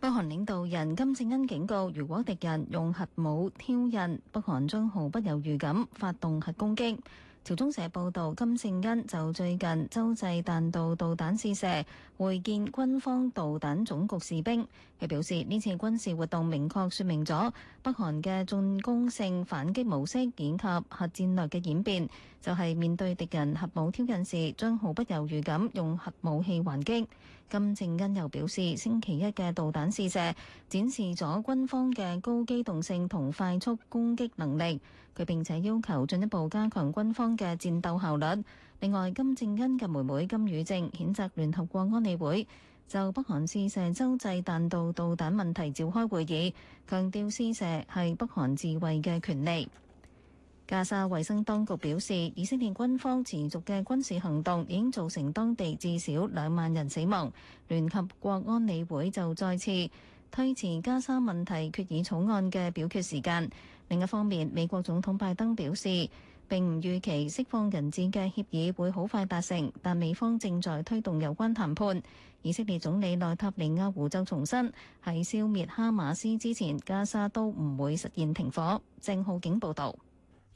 北韓領導人金正恩警告，如果敵人用核武挑釁，北韓將毫不猶豫咁發動核攻擊。朝中社報道，金正恩就最近洲際彈道導彈試射，會見軍方導彈總局士兵，佢表示呢次軍事活動明確説明咗北韓嘅進攻性反擊模式以及核戰略嘅演變，就係面對敵人核武挑釁時，將毫不猶豫咁用核武器還擊。金正恩又表示，星期一嘅導彈試射展示咗軍方嘅高機動性同快速攻擊能力。佢並且要求進一步加強軍方嘅戰鬥效率。另外，金正恩嘅妹妹金與正譴責聯合國安理會就北韓試射洲際彈道導彈問題召開會議，強調試射係北韓自衛嘅權利。加沙衛生當局表示，以色列軍方持續嘅軍事行動已經造成當地至少兩萬人死亡。聯合國安理會就再次推遲加沙問題決議草案嘅表決時間。另一方面，美國總統拜登表示，並唔預期釋放人質嘅協議會好快達成，但美方正在推動有關談判。以色列總理內塔尼亞胡就重申，喺消滅哈馬斯之前，加沙都唔會實現停火。鄭浩景報道。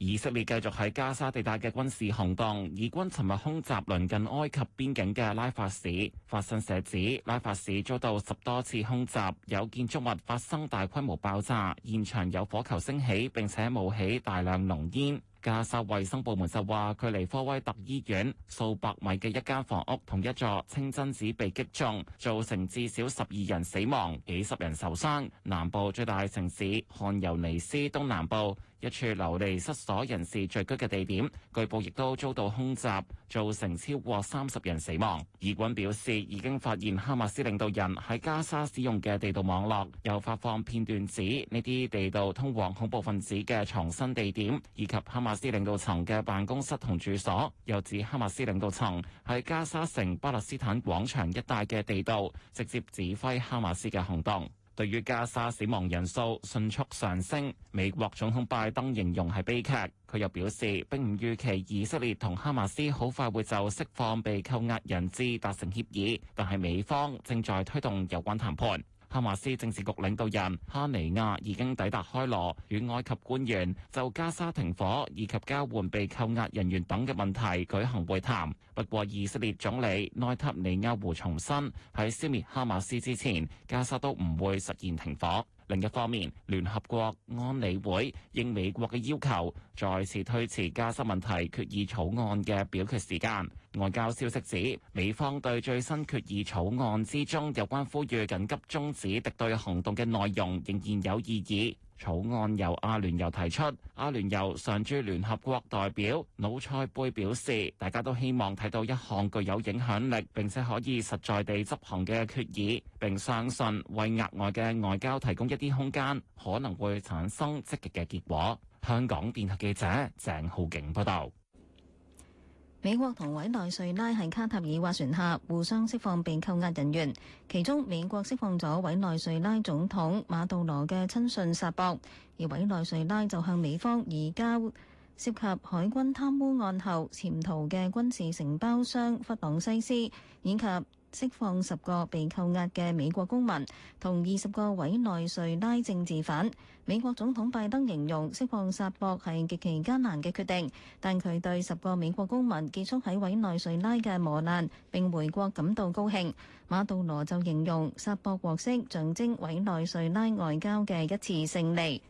以色列繼續喺加沙地帶嘅軍事行動，以軍尋日空襲鄰近埃及邊境嘅拉法市。法新社指，拉法市遭到十多次空襲，有建築物發生大規模爆炸，現場有火球升起，並且冒起大量濃煙。加沙衛生部門就話，距離科威特醫院數百米嘅一間房屋同一座清真寺被擊中，造成至少十二人死亡、幾十人受傷。南部最大城市漢尤尼斯東南部一處流離失所人士聚居嘅地點，據報亦都遭到空襲，造成超過三十人死亡。以軍表示已經發現哈馬斯領導人喺加沙使用嘅地，地，地，地道網絡，又發放片段指呢啲地道通往恐怖分子嘅藏身地點，以及哈馬。哈馬斯領導層嘅辦公室同住所，又指哈馬斯領導層喺加沙城巴勒斯坦廣場一帶嘅地道，直接指揮哈馬斯嘅行動。對於加沙死亡人數迅速上升，美國總統拜登形容係悲劇。佢又表示，並唔預期以色列同哈馬斯好快會就釋放被扣押人質達成協議，但係美方正在推動有關談判。哈馬斯政治局領導人哈尼亞已經抵達開羅，與埃及官員就加沙停火以及交換被扣押人員等嘅問題舉行會談。不過，以色列總理內塔尼亞胡重申，喺消滅哈馬斯之前，加沙都唔會實現停火。另一方面，聯合國安理會應美國嘅要求，再次推遲加沙問題決議草案嘅表決時間。外交消息指，美方對最新決議草案之中有關呼籲緊急終止敵對行動嘅內容仍然有異議。草案由阿聯酋提出，阿聯酋常駐聯合國代表努塞貝表示，大家都希望睇到一項具有影響力並且可以實在地執行嘅決議，並相信為額外嘅外交提供一啲空間可能會產生積極嘅結果。香港電台記者鄭浩景報道。美國同委內瑞拉喺卡塔爾斡旋下互相釋放被扣押人員。其中美國釋放咗委內瑞拉總統馬杜羅嘅親信薩博，而委內瑞拉就向美方移交涉及海軍貪污案後潛逃嘅軍事承包商弗朗西斯，以及釋放十個被扣押嘅美國公民，同二十個委內瑞拉政治犯。美國總統拜登形容釋放薩博係極其艱難嘅決定，但佢對十個美國公民結束喺委內瑞拉嘅磨難並回國感到高興。馬杜羅就形容薩博獲釋象徵委內瑞拉外交嘅一次勝利。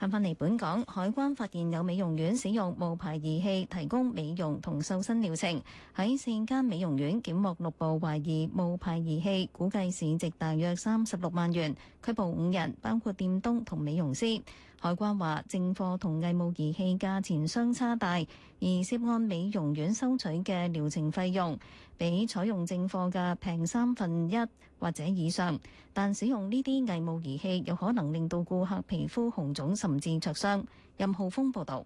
行返嚟本港，海關發現有美容院使用冒牌儀器提供美容同瘦身療程，喺四間美容院檢獲六部懷疑冒牌儀器，估計市值大約三十六萬元，拘捕五人，包括店東同美容師。海關話正貨同偽冒儀器價錢相差大，而涉案美容院收取嘅療程費用，比採用正貨嘅平三分一或者以上，但使用呢啲偽冒儀器，有可能令到顧客皮膚紅腫甚至灼傷。任浩峰報道。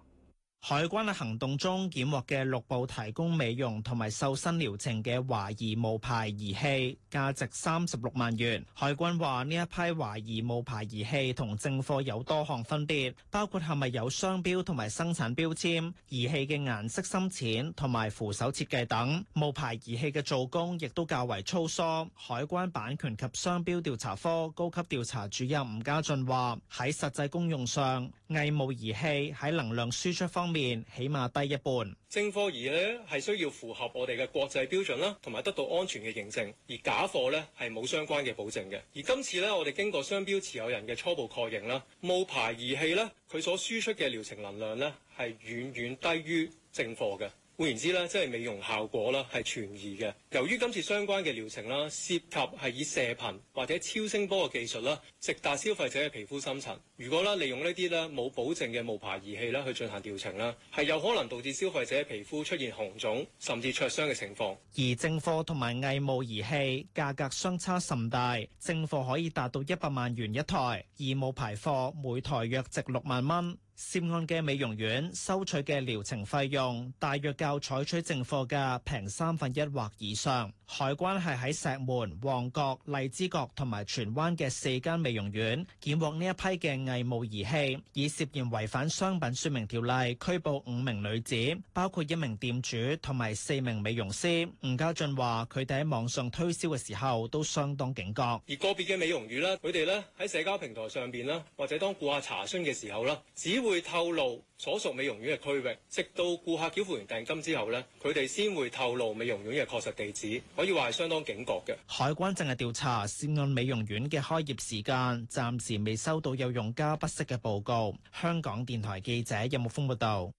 海關喺行動中檢獲嘅六部提供美容同埋瘦身療程嘅華儀冒牌儀器，價值三十六萬元。海關話呢一批華儀冒牌儀器同正貨有多項分別，包括係咪有商標同埋生產標籤、儀器嘅顏色深淺同埋扶手設計等。冒牌儀器嘅做工亦都較為粗疏。海關版權及商標調查科高級調查主任吳家俊話：喺實際功用上，偽冒儀器喺能量輸出方面。面起碼低一半。正貨儀咧係需要符合我哋嘅國際標準啦，同埋得到安全嘅認證。而假貨咧係冇相關嘅保證嘅。而今次咧，我哋經過商標持有人嘅初步確認啦，冒牌儀器咧，佢所輸出嘅療程能量咧係遠遠低於正貨嘅。換言之咧，即係美容效果啦，係存疑嘅。由於今次相關嘅療程啦，涉及係以射頻或者超聲波嘅技術啦，直達消費者嘅皮膚深層。如果咧利用呢啲咧冇保證嘅冒牌儀器啦去進行療程啦，係有可能導致消費者皮膚出現紅腫甚至灼傷嘅情況。而正貨同埋偽冒儀器價格相差甚大，正貨可以達到一百萬元一台，而冒牌貨每台約值六萬蚊。涉案嘅美容院收取嘅療程費用，大約較採取正貨價平三分一或以上。海關係喺石門、旺角、荔枝角同埋荃灣嘅四間美容院檢獲呢一批嘅偽冒儀器，以涉嫌違反商品說明條例拘捕五名女子，包括一名店主同埋四名美容師。吳家俊話：佢哋喺網上推銷嘅時候都相當警覺，而個別嘅美容院呢，佢哋呢喺社交平台上面啦，或者當顧客查詢嘅時候啦，只會透露。所屬美容院嘅區域，直到顧客繳付完訂金之後呢，佢哋先會透露美容院嘅確實地址，可以話係相當警覺嘅。海關正係調查涉案美容院嘅開業時間，暫時未收到有用家不適嘅報告。香港電台記者任木峰報道。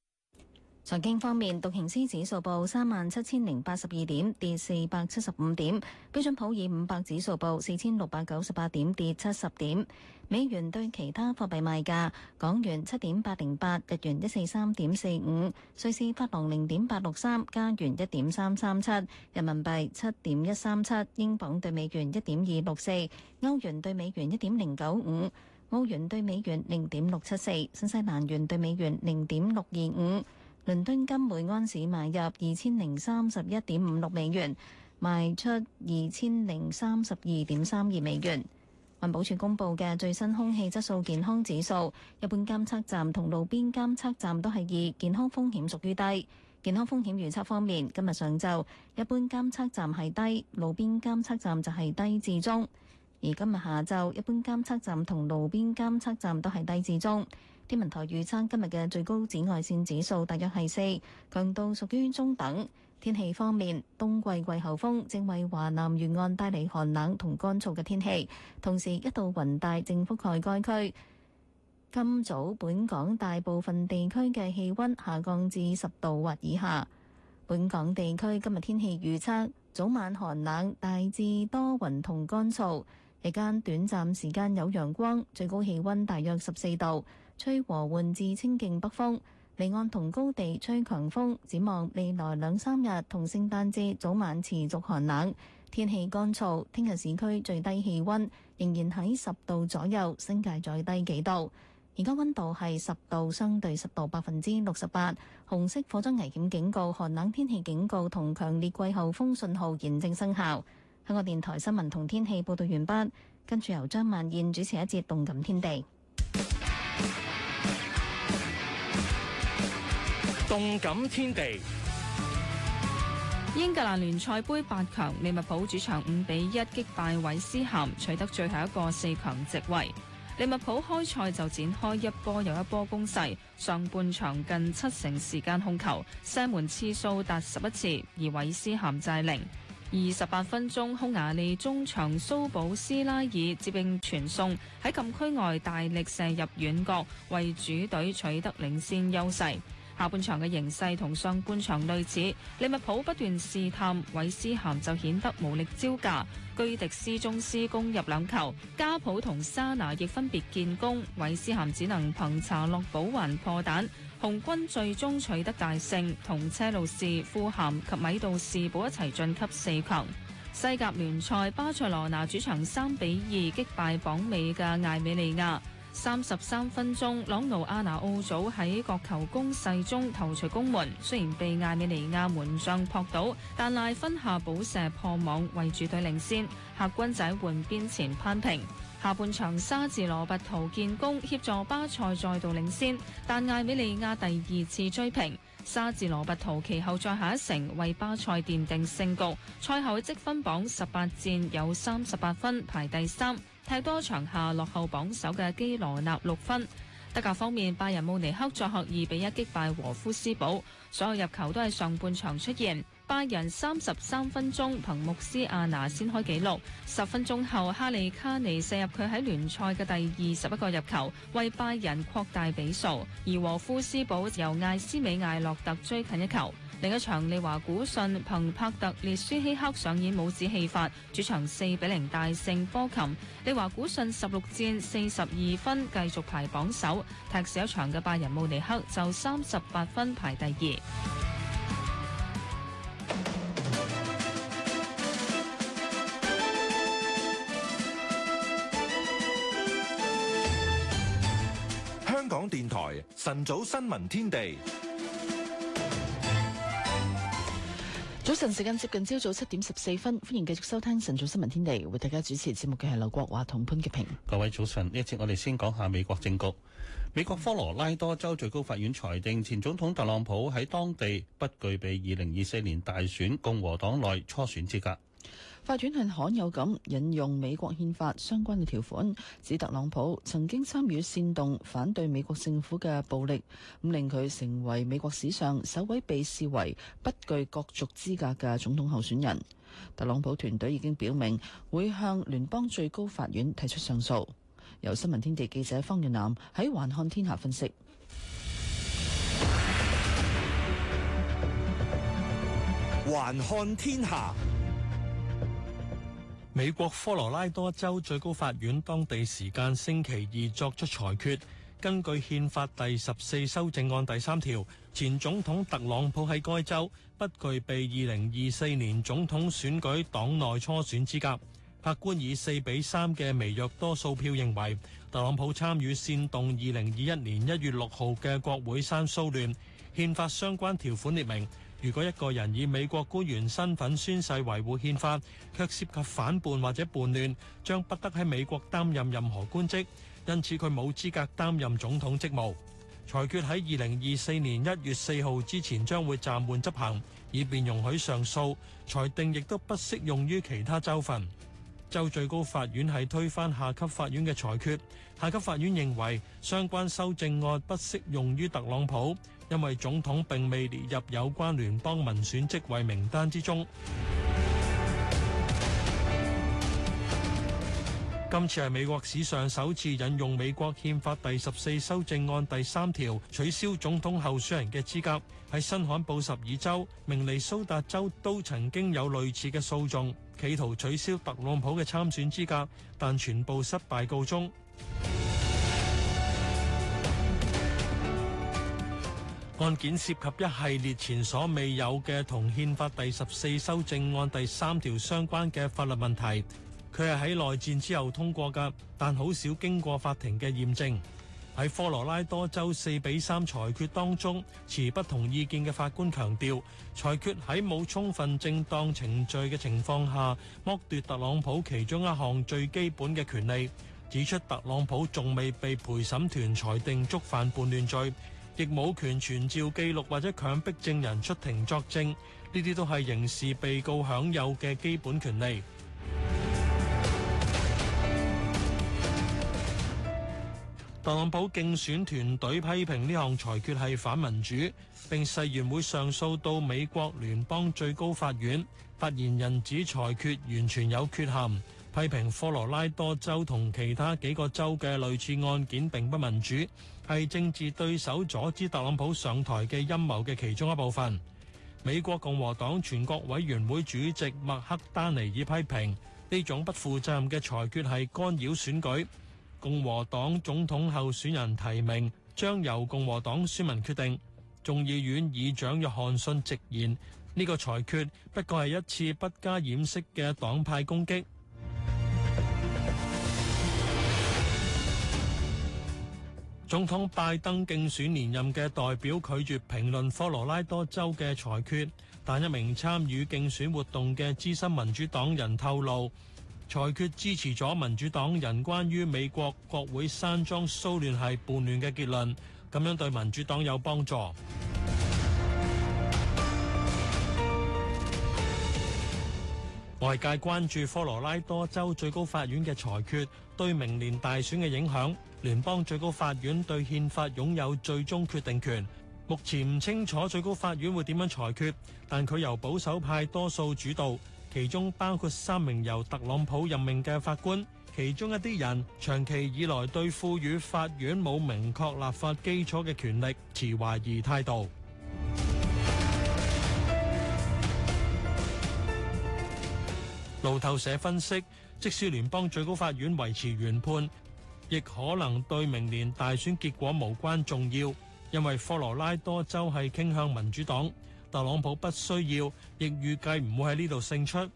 財經方面，道瓊斯指數報三萬七千零八十二點，跌四百七十五點；標準普爾五百指數報四千六百九十八點，跌七十點。美元對其他貨幣賣價：港元七點八零八，日元一四三點四五，瑞士法郎零點八六三，加元一點三三七，人民幣七點一三七，英鎊對美元一點二六四，歐元對美元一點零九五，澳元對美元零點六七四，新西蘭元對美元零點六二五。倫敦金每安士買入二千零三十一點五六美元，賣出二千零三十二點三二美元。環保署公布嘅最新空氣質素健康指數，一般監測站同路邊監測站都係二，健康風險屬於低。健康風險預測方面，今日上晝一般監測站係低，路邊監測站就係低至中。而今日下晝一般監測站同路邊監測站都係低至中。天文台預測今日嘅最高紫外線指數大約係四，強度屬於中等。天氣方面，冬季季候風正為華南沿岸帶嚟寒冷同乾燥嘅天氣，同時一道雲帶正覆蓋該區。今早本港大部分地區嘅氣温下降至十度或以下。本港地區今日天氣預測：早晚寒冷，大致多雲同乾燥，日間短暫時間有陽光，最高氣温大約十四度。吹和緩至清勁北風，離岸同高地吹強風。展望未來兩三日同聖誕節早晚持續寒冷，天氣乾燥。聽日市區最低氣温仍然喺十度左右，新界再低幾度。而家温度係十度，相對濕度百分之六十八。紅色火災危險警告、寒冷天氣警告同強烈季候風信號現正生效。香港電台新聞同天氣報道完畢，跟住由張曼燕主持一節動感天地。動感天地。英格蘭聯賽盃八強，利物浦主場五比一擊敗韋斯咸，取得最後一個四強席位。利物浦開賽就展開一波又一波攻勢，上半場近七成時間控球，射門次數達十一次，而韋斯咸制零。二十八分鐘，匈牙利中場蘇保斯拉爾接應傳送，喺禁區外大力射入遠角，為主隊取得領先優勢。下半場嘅形勢同上半場類似，利物浦不斷試探，韋斯咸就顯得無力招架。居迪斯中斯攻入兩球，加普同沙拿亦分別建功，韋斯咸只能憑查洛保還破蛋。紅軍最終取得大勝，同車路士、富咸及米杜士堡一齊晉級四強。西甲聯賽巴塞羅那主場三比二擊敗榜尾嘅艾美利亞。三十三分鐘，朗奴阿拿奧祖喺角球攻勢中投出攻門，雖然被艾美利亞門將撲倒，但賴分下補射破網為主隊領先。客軍仔換邊前扳平。下半場沙治羅拔圖建功協助巴塞再度領先，但艾美利亞第二次追平。沙治羅拔圖其後再下一城為巴塞奠定勝局。賽後積分榜十八戰有三十八分排第三。太多場下落後榜首嘅基羅納六分。德甲方面，拜仁慕尼黑作客二比一擊敗和夫斯堡，所有入球都係上半場出現。拜仁三十三分鐘憑穆斯亞拿先開紀錄，十分鐘後哈利卡尼射入佢喺聯賽嘅第二十一個入球，為拜仁擴大比數，而和夫斯堡由艾斯美艾洛特追近一球。另一場利華古信憑柏特列舒希克上演帽子戲法，主場四比零大勝波琴。利華古信十六戰四十二分，繼續排榜首。踢少場嘅拜仁慕尼黑就三十八分排第二。香港電台晨早新聞天地。早晨時間接近朝早七點十四分，歡迎繼續收聽晨早新聞天地，為大家主持節目嘅係劉國華同潘潔平。各位早晨，呢一節我哋先講下美國政局。美國科羅拉多州最高法院裁定前總統特朗普喺當地不具備二零二四年大選共和黨內初選資格。法院係罕有咁引用美國憲法相關嘅條款，指特朗普曾經參與煽動反對美國政府嘅暴力，咁令佢成為美國史上首位被視為不具角逐資格嘅總統候選人。特朗普團隊已經表明會向聯邦最高法院提出上訴。由新聞天地記者方若南喺環看天下分析。環看天下。分析環看天下。美國科羅拉多州最高法院當地時間星期二作出裁決，根據憲法第十四修正案第三條，前總統特朗普喺該州不具備二零二四年總統選舉黨內初選資格。法官以四比三嘅微弱多數票認為，特朗普參與煽動二零二一年一月六號嘅國會山騷亂，憲法相關條款列明，如果一個人以美國官員身份宣誓維護憲法，卻涉及反叛或者叛亂，將不得喺美國擔任任何官職。因此佢冇資格擔任總統職務。裁決喺二零二四年一月四號之前將會暫緩執行，以便容許上訴。裁定亦都不適用於其他州份。州最高法院係推翻下級法院嘅裁決。下級法院認為相關修正案不適用於特朗普。因為總統並未列入有關聯邦民選職位名單之中。 今次係美國史上首次引用美國憲法第十四修正案第三條，取消總統候選人嘅資格。喺新罕布什爾州、明尼蘇達州都曾經有類似嘅訴訟，企圖取消特朗普嘅參選資格，但全部失敗告終。案件涉及一系列前所未有嘅同憲法第十四修正案第三條相關嘅法律問題，佢係喺內戰之後通過嘅，但好少經過法庭嘅驗證。喺科羅拉多州四比三裁決當中，持不同意見嘅法官強調，裁決喺冇充分正當程序嘅情況下剝奪特朗普其中一項最基本嘅權利，指出特朗普仲未被陪審團裁定觸犯叛亂罪。亦冇權傳召記錄或者強迫證人出庭作證，呢啲都係刑事被告享有嘅基本權利。 特朗普競選團隊批評呢項裁決係反民主，並誓言會上訴到美國聯邦最高法院。發言人指裁決完全有缺陷。批評科羅拉多州同其他幾個州嘅類似案件並不民主，係政治對手阻止特朗普上台嘅陰謀嘅其中一部分。美國共和黨全國委員會主席麥克丹尼爾批評呢種不負責任嘅裁決係干擾選舉。共和黨總統候選人提名將由共和黨選民決定。眾議院議長約翰遜直言，呢個裁決不過係一次不加掩飾嘅黨派攻擊。總統拜登競選連任嘅代表拒絕評論科羅拉多州嘅裁決，但一名參與競選活動嘅資深民主黨人透露，裁決支持咗民主黨人關於美國國會山莊騷亂係叛亂嘅結論，咁樣對民主黨有幫助。外界關注科羅拉多州最高法院嘅裁決對明年大選嘅影響。聯邦最高法院對憲法擁有最終決定權。目前唔清楚最高法院會點樣裁決，但佢由保守派多數主導，其中包括三名由特朗普任命嘅法官，其中一啲人長期以來對賦予法院冇明確立法基礎嘅權力持懷疑態度。路透社分析，即使聯邦最高法院維持原判，亦可能對明年大選結果無關重要，因為科羅拉多州係傾向民主黨，特朗普不需要，亦預計唔會喺呢度勝出。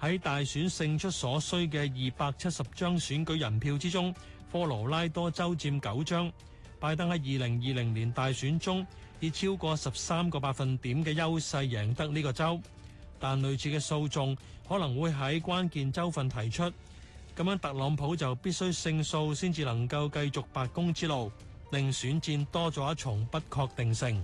喺大選勝出所需嘅二百七十張選舉人票之中，科羅拉多州佔九張。拜登喺二零二零年大選中以超過十三個百分點嘅優勢贏得呢個州，但類似嘅訴訟可能會喺關鍵州份提出。咁樣特朗普就必須勝訴，先至能夠繼續白宮之路，令選戰多咗一重不確定性。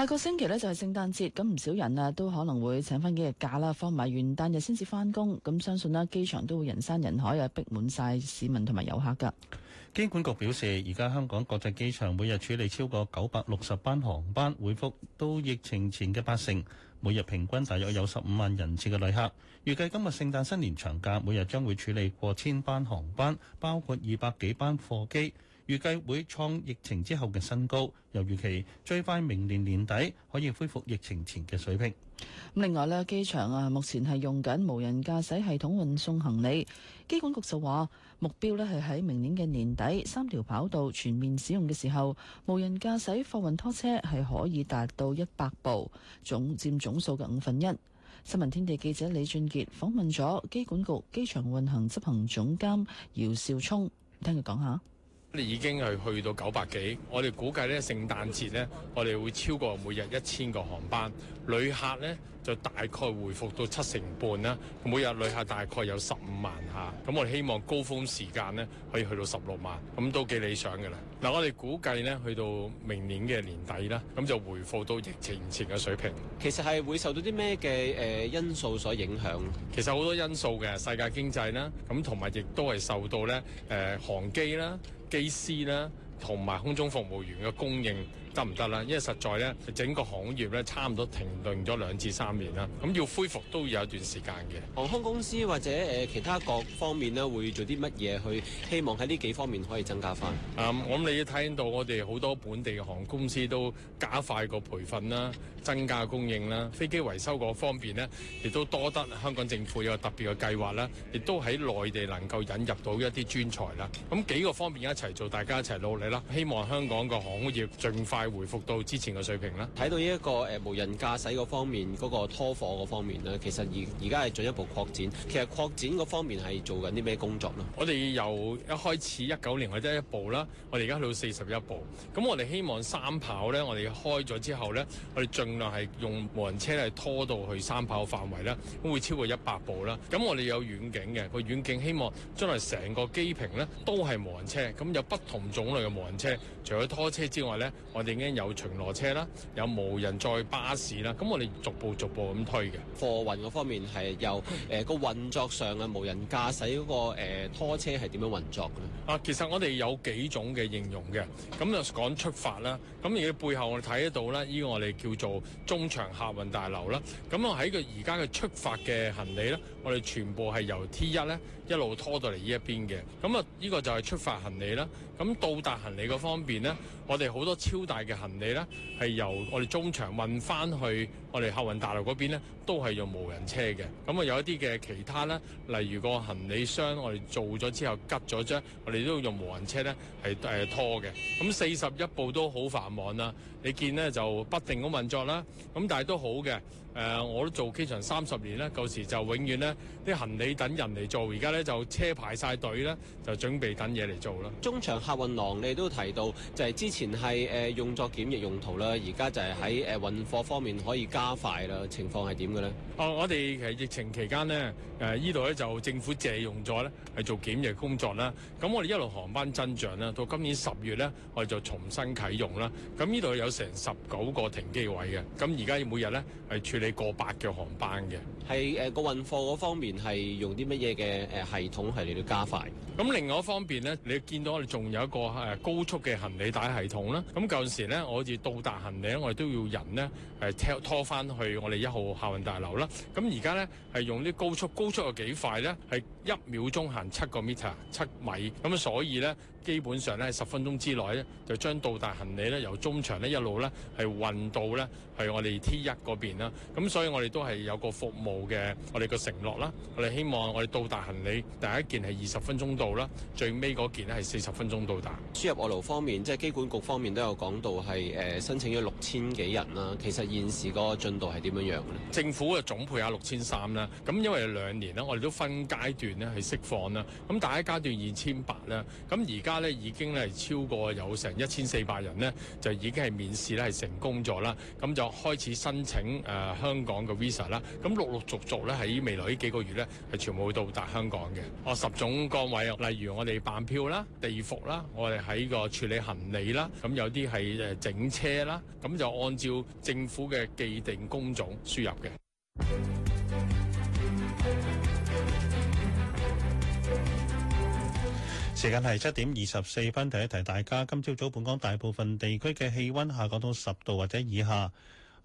下個星期咧就係聖誕節，咁唔少人啊都可能會請翻幾日假啦，放埋元旦日先至翻工。咁相信咧機場都會人山人海啊，逼滿晒市民同埋遊客噶。機管局表示，而家香港國際機場每日處理超過九百六十班航班，恢復到疫情前嘅八成。每日平均大約有十五萬人次嘅旅客。預計今日聖誕新年長假，每日將會處理過千班航班，包括二百幾班貨機。預計會創疫情之後嘅新高，又預期最快明年年底可以恢復疫情前嘅水平。另外呢，機場啊，目前係用緊無人駕駛系統運送行李。機管局就話目標呢係喺明年嘅年底，三條跑道全面使用嘅時候，無人駕駛貨運拖車係可以達到一百部，總佔總數嘅五分一。新聞天地記者李俊傑訪問咗機管局機場運行執行總監姚少聰，聽佢講下。你已經係去到九百幾，我哋估計咧聖誕節咧，我哋會超過每日一千個航班，旅客咧就大概回復到七成半啦。每日旅客大概有十五萬下，咁我哋希望高峰時間咧可以去到十六萬，咁都幾理想嘅啦。嗱，我哋估計咧去到明年嘅年底啦，咁就回復到疫情前嘅水平。其實係會受到啲咩嘅誒因素所影響？其實好多因素嘅，世界經濟啦，咁同埋亦都係受到咧誒、呃、航機啦。機師啦，同埋空中服務員嘅供應。得唔得啦？因為實在咧，整個行業咧差唔多停頓咗兩至三年啦。咁要恢復都有一段時間嘅。航空公司或者誒其他各方面咧，會做啲乜嘢去希望喺呢幾方面可以增加返？啊、嗯，我咁你都睇到我哋好多本地嘅航空公司都加快個培訓啦，增加供應啦，飛機維修個方面咧亦都多得香港政府有特別嘅計劃啦，亦都喺內地能夠引入到一啲專才啦。咁幾個方面一齊做，大家一齊努力啦，希望香港個航空業盡快。快回復到之前嘅水平啦。睇到呢一個誒無人駕駛個方面，嗰個拖貨個方面咧，其實而而家係進一步擴展。其實擴展個方面係做緊啲咩工作咧？我哋由一開始一九年得一部啦，我哋而家去到四十一部。咁我哋希望三跑咧，我哋開咗之後咧，我哋盡量係用無人車嚟拖到去三跑範圍啦，會超過一百部啦。咁我哋有遠景嘅，個遠景希望將來成個機坪咧都係無人車，咁有不同種類嘅無人車，除咗拖車之外咧，我哋已經有巡邏車啦，有無人載巴士啦，咁我哋逐步逐步咁推嘅。貨運嗰方面係由誒個運作上嘅無人駕駛嗰個誒、呃、拖車係點樣運作嘅咧？啊，其實我哋有幾種嘅應用嘅，咁就講出發啦。咁而家背後我哋睇得到咧，呢、這個我哋叫做中場客運大樓啦。咁我喺佢而家嘅出發嘅行李咧，我哋全部係由 T 一咧。一路拖到嚟呢一邊嘅，咁啊，呢個就係出發行李啦。咁到達行李嗰方面呢，我哋好多超大嘅行李呢，係由我哋中場運翻去我哋客運大廈嗰邊呢，都係用無人車嘅。咁啊，有一啲嘅其他呢，例如個行李箱，我哋做咗之後，急咗啫，我哋都用無人車呢，係拖嘅。咁四十一步都好繁忙啦，你見呢就不停咁運作啦。咁但係都好嘅。誒、呃，我都做機場三十年啦，舊時就永遠咧啲行李等人嚟做，而家咧就車排晒隊咧，就準備等嘢嚟做啦。中場客運廊你都提到，就係之前係誒用作檢疫用途啦，而家就係喺誒運貨方面可以加快啦。情況係點嘅咧？哦、呃，我哋其實疫情期間咧，誒呢度咧就政府借用咗咧係做檢疫工作啦。咁我哋一路航班增長啦，到今年十月咧，我哋就重新啟用啦。咁呢度有成十九個停機位嘅，咁而家每日咧係你過百嘅航班嘅，係誒個運貨嗰方面係用啲乜嘢嘅誒系統係嚟到加快？咁另外一方面咧，你見到我哋仲有一個誒高速嘅行李帶系統啦。咁舊時咧，我好似到達行李咧，我哋都要人咧係拖拖翻去我哋一號客運大樓啦。咁而家咧係用啲高速，高速有幾快咧？係一秒鐘行七個 meter 七米。咁所以咧，基本上咧十分鐘之內咧，就將到達行李咧由中場咧一路咧係運到咧去我哋 T 一嗰邊啦。咁所以我哋都係有個服務嘅，我哋個承諾啦，我哋希望我哋到達行李第一件係二十分鐘到啦，最尾嗰件咧係四十分鐘到達。輸入外勞方面，即係機管局方面都有講到係誒、呃、申請咗六千幾人啦。其實現時個進度係點樣樣咧？政府嘅總配額六千三啦，咁因為兩年啦，我哋都分階段咧係釋放啦。咁第一階段二千八啦，咁而家咧已經咧係超過有成一千四百人咧，就已經係面試咧係成功咗啦。咁就開始申請誒。呃香港嘅 Visa 啦，咁陸陸續續咧喺未來呢幾個月咧，係全部到達香港嘅。哦，十種崗位，例如我哋辦票啦、地服啦，我哋喺個處理行李啦，咁有啲係誒整車啦，咁就按照政府嘅既定工種輸入嘅。時間係七點二十四分，提一提，大家今朝早本港大部分地區嘅氣温下降到十度或者以下。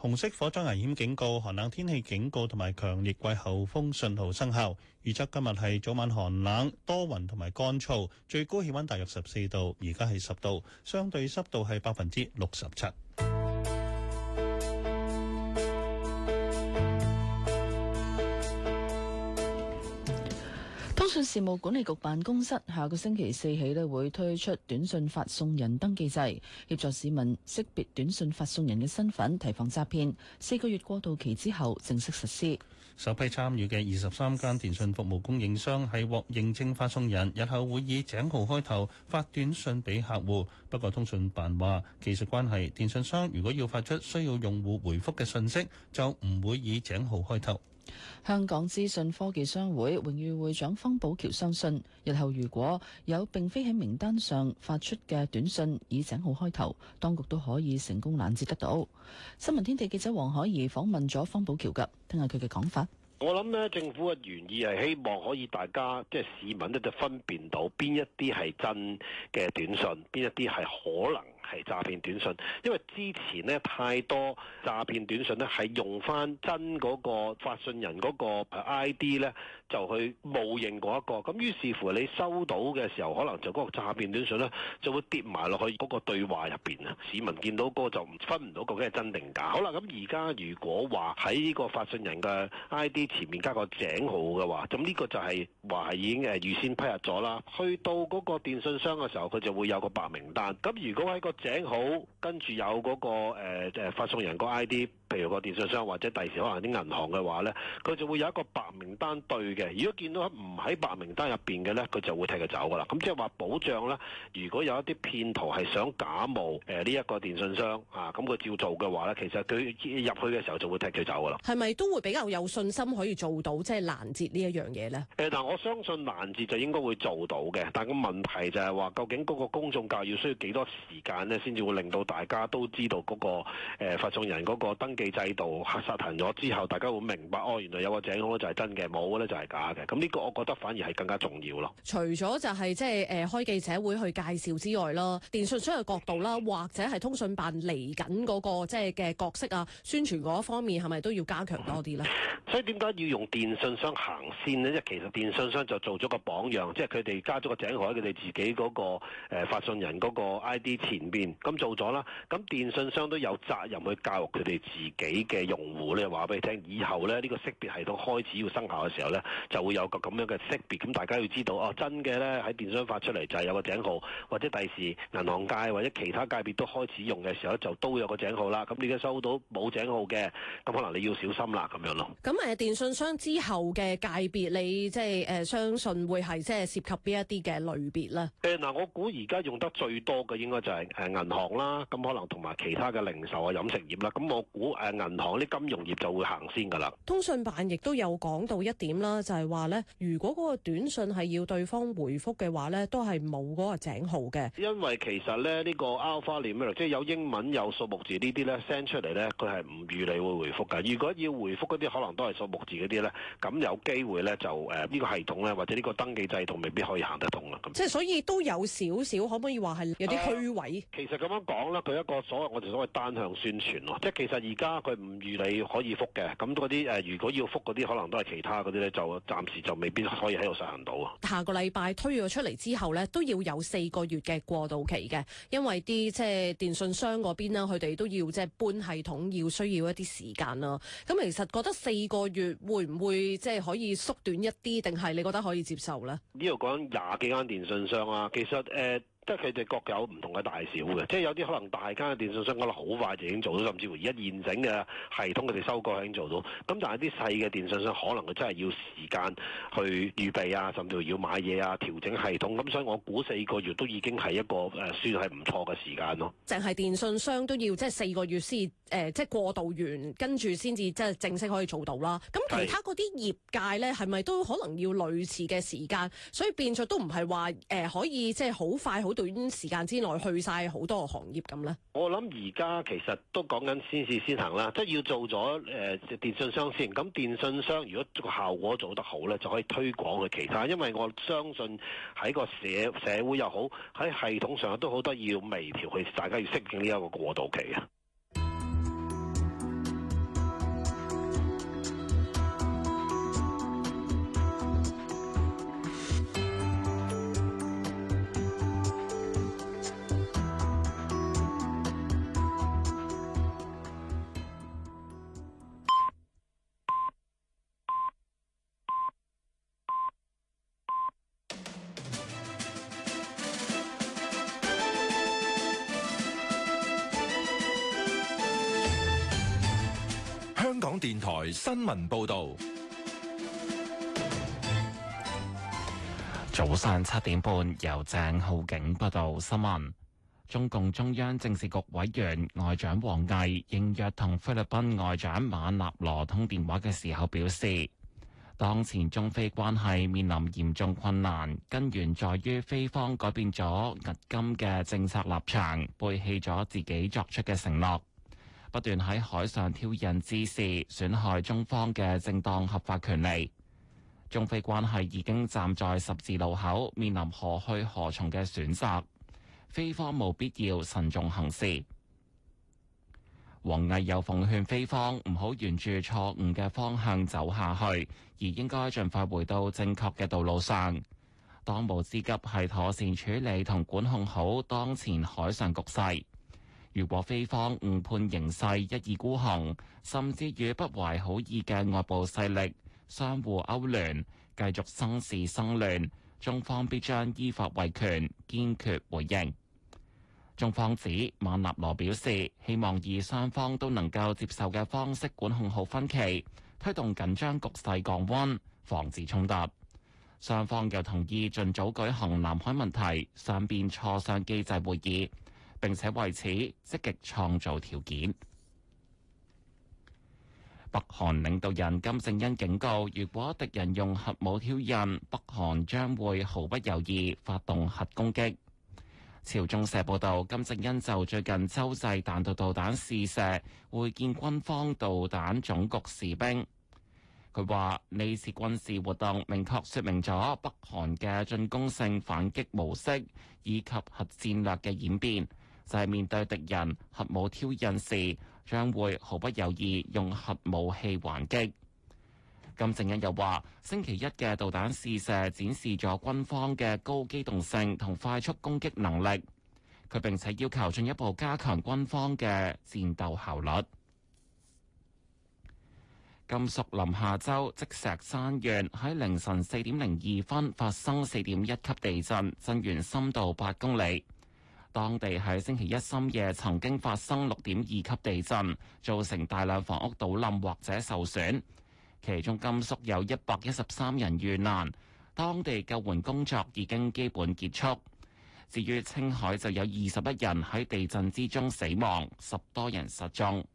紅色火災危險警告、寒冷天氣警告同埋強烈季候風信號生效。預測今日係早晚寒冷，多雲同埋乾燥，最高氣溫大約十四度，而家係十度，相對濕度係百分之六十七。通訊事務管理局辦公室下個星期四起呢會推出短信發送人登記制，協助市民識別短信發送人嘅身份，提防詐騙。四個月過渡期之後正式實施。首批參與嘅二十三間電信服務供應商係獲認證發送人，日後會以井號開頭發短信俾客戶。不過通訊辦話技術關係，電信商如果要發出需要用戶回覆嘅信息，就唔會以井號開頭。香港資訊科技商會榮譽會長方寶橋相信，日後如果有並非喺名單上發出嘅短信以井號開頭，當局都可以成功攔截得到。新聞天地記者黃海怡訪問咗方寶橋噶，聽下佢嘅講法。我諗咧，政府嘅原意係希望可以大家即係市民咧就分辨到邊一啲係真嘅短信，邊一啲係可能。係詐騙短信，因為之前咧太多詐騙短信咧，係用翻真嗰個發信人嗰個 ID 咧。就去冒認嗰、那、一個，咁於是乎你收到嘅時候，可能就嗰個詐騙短信咧就會跌埋落去嗰、那個對話入邊啊！市民見到個就分唔到、那個、究竟係真定假。好啦，咁而家如果話喺個發信人嘅 ID 前面加個井號嘅話，咁呢個就係話係已經誒預先批核咗啦。去到嗰個電信商嘅時候，佢就會有個白名單。咁如果喺個井號跟住有嗰、那個誒誒、呃、發送人個 ID。譬如個電信商或者第時可能啲銀行嘅話呢，佢就會有一個白名單對嘅。如果見到唔喺白名單入邊嘅呢，佢就會踢佢走㗎喇。咁即係話保障呢，如果有一啲騙徒係想假冒誒呢一個電信商啊，咁、嗯、佢照做嘅話呢，其實佢入去嘅時候就會踢佢走㗎喇。係咪都會比較有信心可以做到即係、就是、攔截呢一樣嘢呢？誒嗱、呃，我相信攔截就應該會做到嘅，但係個問題就係話，究竟嗰個公眾教育需要幾多時間呢？先至會令到大家都知道嗰、那個誒發、呃、送人嗰個登？嘅制度黑撒騰咗之後，大家會明白哦，原來有個井號就係真嘅，冇嘅咧就係假嘅。咁呢個我覺得反而係更加重要咯。除咗就係即係誒開記者會去介紹之外啦，電信商嘅角度啦，或者係通訊辦嚟緊嗰個即係嘅角色啊，宣傳嗰一方面係咪都要加強多啲呢、嗯？所以點解要用電信商行先呢？即係其實電信商就做咗個榜樣，即係佢哋加咗個井號喺佢哋自己嗰、那個誒、呃、發信人嗰個 ID 前邊咁做咗啦。咁電信商都有責任去教育佢哋自己自己嘅用戶咧，話俾你聽，以後咧呢、呢個識別系統開始要生效嘅時候咧，就會有個咁樣嘅識別。咁大家要知道，哦真嘅咧喺電信商發出嚟就係有個井號，或者第時銀行界或者其他界別都開始用嘅時候，就都有個井號啦。咁你而家收到冇井號嘅，咁可能你要小心啦咁樣咯。咁誒電信商之後嘅界別，你即係誒、呃、相信會係即係涉及邊一啲嘅類別咧？誒嗱、呃，我估而家用得最多嘅應該就係誒銀行啦，咁可能同埋其他嘅零售啊、飲食業啦，咁我估。誒銀行啲金融業就會行先㗎啦。通訊辦亦都有講到一點啦，就係話咧，如果嗰個短信係要對方回覆嘅話咧，都係冇嗰個井號嘅。因為其實咧呢個 Alphanumeric，即係有英文有數目字呢啲咧 send 出嚟咧，佢係唔預你會回覆㗎。如果要回覆嗰啲，可能都係數目字嗰啲咧，咁有機會咧就誒呢個系統咧，或者呢個登記制度未必可以行得通啦。咁即係所以都有少少，可唔可以話係有啲虛偽、呃？其實咁樣講咧，佢一個所謂我哋所謂單向宣傳咯，即係其實而家。佢唔預你可以覆嘅，咁嗰啲誒，如果要覆嗰啲，可能都係其他嗰啲咧，就暫時就未必可以喺度實行到。下個禮拜推咗出嚟之後咧，都要有四個月嘅過渡期嘅，因為啲即係電信商嗰邊啦，佢哋都要即係搬系統，要需要一啲時間啦。咁其實覺得四個月會唔會即係可以縮短一啲，定係你覺得可以接受咧？呢度講廿幾間電信商啊，其實誒。呃即係佢哋各有唔同嘅大小嘅，即係有啲可能大間嘅電信商可能好快就已經做到，甚至乎而家現成嘅系統佢哋收購已經做到。咁但係啲細嘅電信商可能佢真係要時間去預備啊，甚至乎要買嘢啊、調整系統。咁所以我估四個月都已經係一個誒算係唔錯嘅時間咯。淨係電信商都要即係四個月先。誒、呃，即係過渡完跟住先至，即係正式可以做到啦。咁其他嗰啲業界咧，係咪是都可能要類似嘅時間？所以變咗都唔係話誒，可以即係好快好短時間之內去晒好多個行業咁咧。我諗而家其實都講緊先試先行啦，即係要做咗誒、呃、電信商先。咁電信商如果個效果做得好咧，就可以推廣去其他。因為我相信喺個社社會又好，喺系統上都好多要微調去，去大家要適應呢一個過渡期啊。新聞報道，早上七點半由鄭浩景報道新聞。中共中央政治局委員外長王毅應約同菲律賓外長馬納羅通電話嘅時候表示，當前中菲關係面臨嚴重困難，根源在於菲方改變咗日金嘅政策立場，背棄咗自己作出嘅承諾。不斷喺海上挑釁滋事，損害中方嘅正當合法權利。中菲關係已經站在十字路口，面臨何去何從嘅選擇。菲方無必要慎重行事。王毅又奉勸菲方唔好沿住錯誤嘅方向走下去，而應該盡快回到正確嘅道路上。當務之急係妥善處理同管控好當前海上局勢。如果菲方誤判形勢，一意孤行，甚至與不懷好意嘅外部勢力相互勾聯，繼續生事生亂，中方必將依法維權，堅決回應。中方指馬納羅表示，希望以雙方都能夠接受嘅方式管控好分歧，推動緊張局勢降温，防止衝突。雙方又同意盡早舉行南海問題雙邊磋商機制會議。並且為此積極創造條件。北韓領導人金正恩警告，如果敵人用核武挑釁，北韓將會毫不猶豫發動核攻擊。朝中社報導，金正恩就最近洲際彈道導彈試射會見軍方導彈總局士兵，佢話呢次軍事活動明確說明咗北韓嘅進攻性反擊模式以及核戰略嘅演變。就係面對敵人核武挑釁時，將會毫不猶豫用核武器還擊。金正恩又話：星期一嘅導彈試射展示咗軍方嘅高機動性同快速攻擊能力。佢並且要求進一步加強軍方嘅戰鬥效率。甘肅臨夏州積石山縣喺凌晨四點零二分發生四點一級地震，震源深度八公里。當地喺星期一深夜曾經發生六點二級地震，造成大量房屋倒冧或者受損，其中甘肅有一百一十三人遇難，當地救援工作已經基本結束。至於青海就有二十一人喺地震之中死亡，十多人失蹤。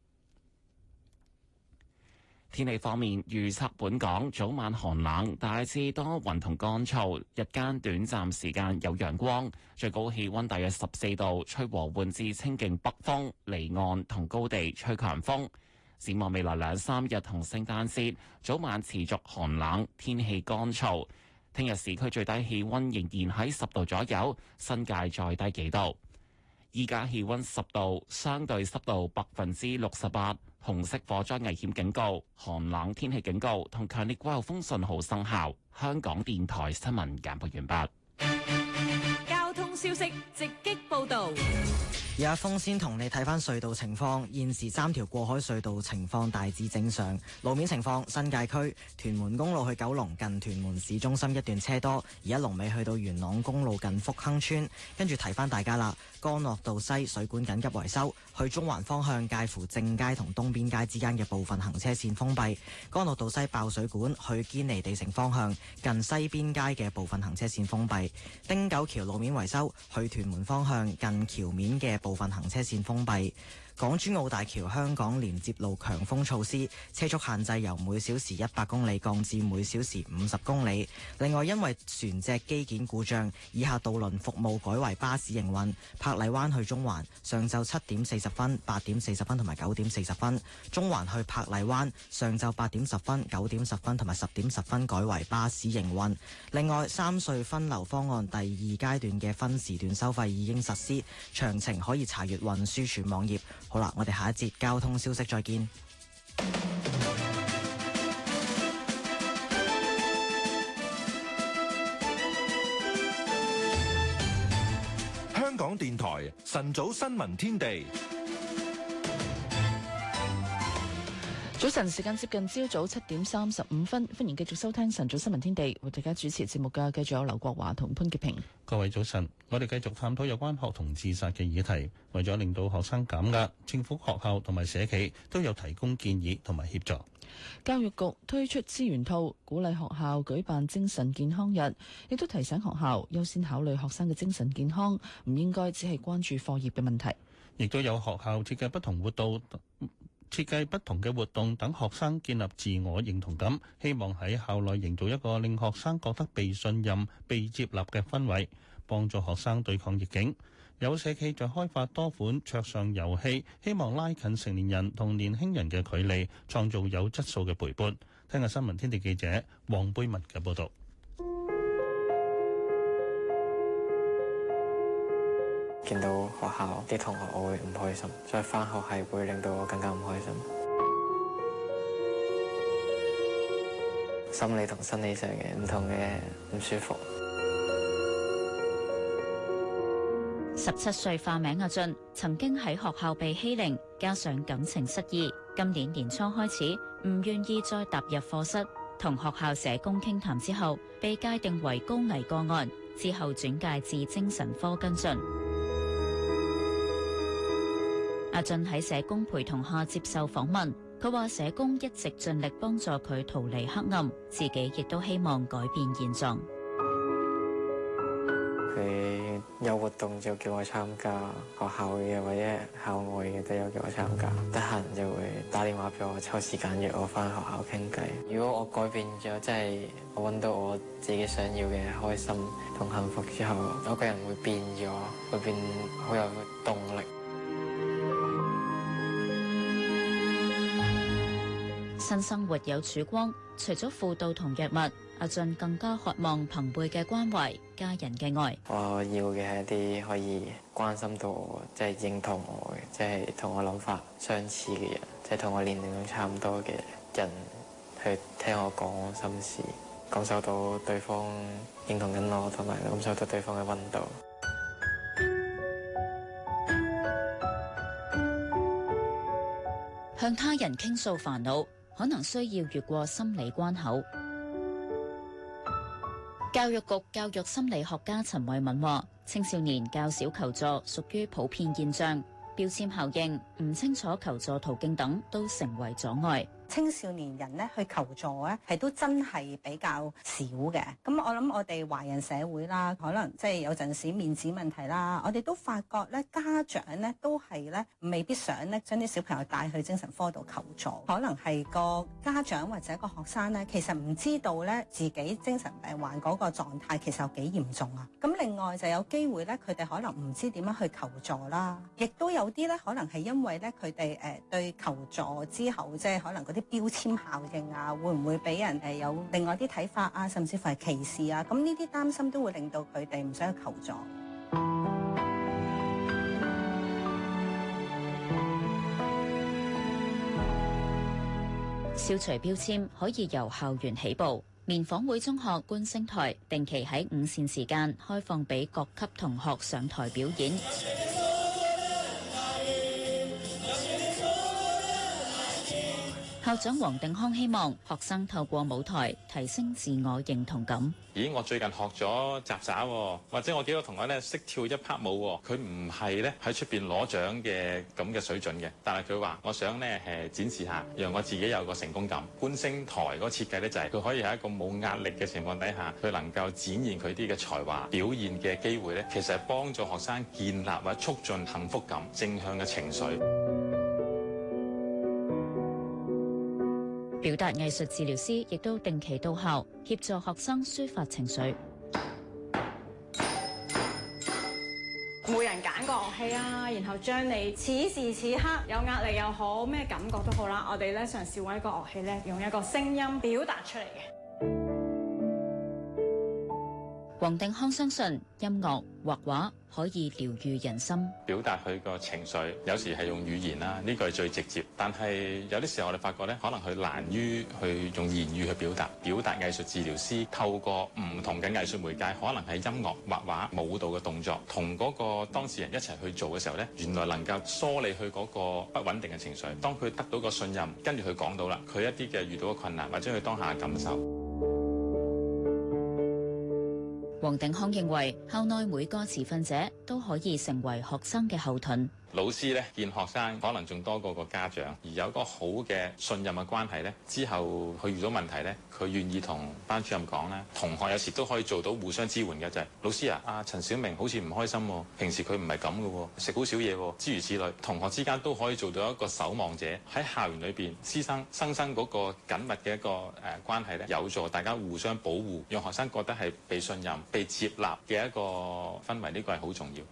天氣方面，預測本港早晚寒冷，大致多雲同乾燥，日間短暫時間有陽光，最高氣溫大約十四度，吹和緩至清勁北風，離岸同高地吹強風。展望未來兩三日同聖誕節，早晚持續寒冷，天氣乾燥。聽日市區最低氣溫仍然喺十度左右，新界再低幾度。依家氣温十度，相對濕度百分之六十八，紅色火災危險警告、寒冷天氣警告同強烈季候風信號生效。香港電台新聞簡報完畢。交通消息直擊報道：有阿峰先同你睇翻隧道情況。現時三條過海隧道情況大致正常，路面情況新界區屯門公路去九龍近屯門市中心一段車多，而一龍尾去到元朗公路近福亨村，跟住睇翻大家啦。干諾道西水管緊急維修，去中環方向介乎正街同東邊街之間嘅部分行車線封閉。干諾道西爆水管，去堅尼地城方向近西邊街嘅部分行車線封閉。汀九橋路面維修，去屯門方向近橋面嘅部分行車線封閉。港珠澳大橋香港連接路強風措施車速限制由每小時一百公里降至每小時五十公里。另外，因為船隻機件故障，以下渡輪服務改為巴士營運：柏麗灣去中環，上晝七點四十分、八點四十分同埋九點四十分；中環去柏麗灣，上晝八點十分、九點十分同埋十點十分改為巴士營運。另外，三隧分流方案第二階段嘅分時段收費已經實施，詳情可以查閱運輸署網頁。好啦，我哋下一節交通消息再見。香港電台晨早新聞天地。早晨，時間接近朝早七點三十五分，歡迎繼續收聽晨早新聞天地，為大家主持節目嘅繼續有劉國華同潘潔平。各位早晨，我哋繼續探討有關學童自殺嘅議題，為咗令到學生減壓，政府、學校同埋社企都有提供建議同埋協助。教育局推出資源套，鼓勵學校舉辦精神健康日，亦都提醒學校優先考慮學生嘅精神健康，唔應該只係關注課業嘅問題。亦都有學校設計不同活動。設計不同嘅活動，等學生建立自我認同感，希望喺校內營造一個令學生覺得被信任、被接納嘅氛圍，幫助學生對抗逆境。有社企在開發多款桌上遊戲，希望拉近成年人同年輕人嘅距離，創造有質素嘅陪伴。聽下新聞天地記者黃貝文嘅報導。見到學校啲同學，我會唔開心。再翻學係會令到我更加唔開心。心理同生理上嘅唔同嘅唔舒服。十七歲化名阿俊，曾經喺學校被欺凌，加上感情失意，今年年初開始唔願意再踏入課室。同學校社工傾談之後，被界定為高危個案，之後轉介至精神科跟進。阿俊喺社工陪同下接受訪問，佢話社工一直盡力幫助佢逃離黑暗，自己亦都希望改變現狀。佢有活動就叫我參加，學校嘅或者校外嘅都有叫我參加。得閒就會打電話俾我，抽時間約我翻學校傾偈。如果我改變咗，即係我搵到我自己想要嘅開心同幸福之後，我個人會變咗，會變好有動力。新生活有曙光，除咗輔導同藥物，阿俊更加渴望朋輩嘅關懷、家人嘅愛。我要嘅係一啲可以關心到我，即係認同我嘅，即係同我諗法相似嘅人，即係同我年齡都差唔多嘅人，去聽我講心事，感受到對方認同緊我，同埋感受到對方嘅温度。向他人傾訴煩惱。可能需要越過心理關口。教育局教育心理學家陳慧敏話，青少年較少求助屬於普遍現象，標籤效應，唔清楚求助途徑等都成為阻礙。青少年人咧去求助咧，係都真係比較少嘅。咁我諗我哋華人社會啦，可能即係有陣時面子問題啦，我哋都發覺咧家長咧都係咧未必想咧將啲小朋友帶去精神科度求助。可能係個家長或者個學生咧，其實唔知道咧自己精神病患嗰個狀態其實有幾嚴重啊。咁另外就有機會咧，佢哋可能唔知點樣去求助啦。亦都有啲咧，可能係因為咧佢哋誒對求助之後，即係可能嗰啲。標籤效應啊，會唔會俾人哋有另外啲睇法啊，甚至乎係歧視啊？咁呢啲擔心都會令到佢哋唔想求助。消除標籤可以由校園起步，棉紡會中學觀星台定期喺午膳時間開放俾各級同學上台表演。校長黃定康希望學生透過舞台提升自我認同感。咦，我最近學咗雜耍，哦，或者我幾個同學咧，識跳一 part 舞，哦，佢唔係咧喺出邊攞獎嘅咁嘅水準嘅，但係佢話我想咧，誒，展示下，讓我自己有個成功感。觀星台嗰個設計咧就係、是，佢可以喺一個冇壓力嘅情況底下，佢能夠展現佢啲嘅才華表現嘅機會咧，其實係幫助學生建立或者促進幸福感、正向嘅情緒。表達藝術治療師亦都定期到校協助學生抒發情緒。每人揀個樂器啊，然後將你此時此刻有壓力又好咩感覺都好啦，我哋咧嘗試搵一個樂器咧，用一個聲音表達出嚟嘅。黃定康相信音樂、畫畫可以療癒人心，表達佢個情緒。有時係用語言啦，呢個係最直接。但係有啲時候我哋發覺咧，可能佢難於去用言語去表達。表達藝術治療師透過唔同嘅藝術媒介，可能係音樂、畫畫、舞蹈嘅動作，同嗰個當事人一齊去做嘅時候咧，原來能夠梳理佢嗰個不穩定嘅情緒。當佢得到個信任，跟住佢講到啦，佢一啲嘅遇到嘅困難或者佢當下嘅感受。王定康認為，校內每個持份者都可以成為學生嘅後盾。老師咧見學生可能仲多過個家長，而有個好嘅信任嘅關係呢。之後佢遇到問題呢，佢願意同班主任講咧，同學有時都可以做到互相支援嘅就係、係、老師啊，阿、啊、陳小明好似唔開心、喎，平時佢唔係咁嘅喎，食好少嘢、喎，諸如此類，同學之間都可以做到一個守望者喺校園裏邊師生生生嗰個緊密嘅一個誒關係呢，有助大家互相保護，讓學生覺得係被信任、被接納嘅一個氛圍，呢、呢個係好重要。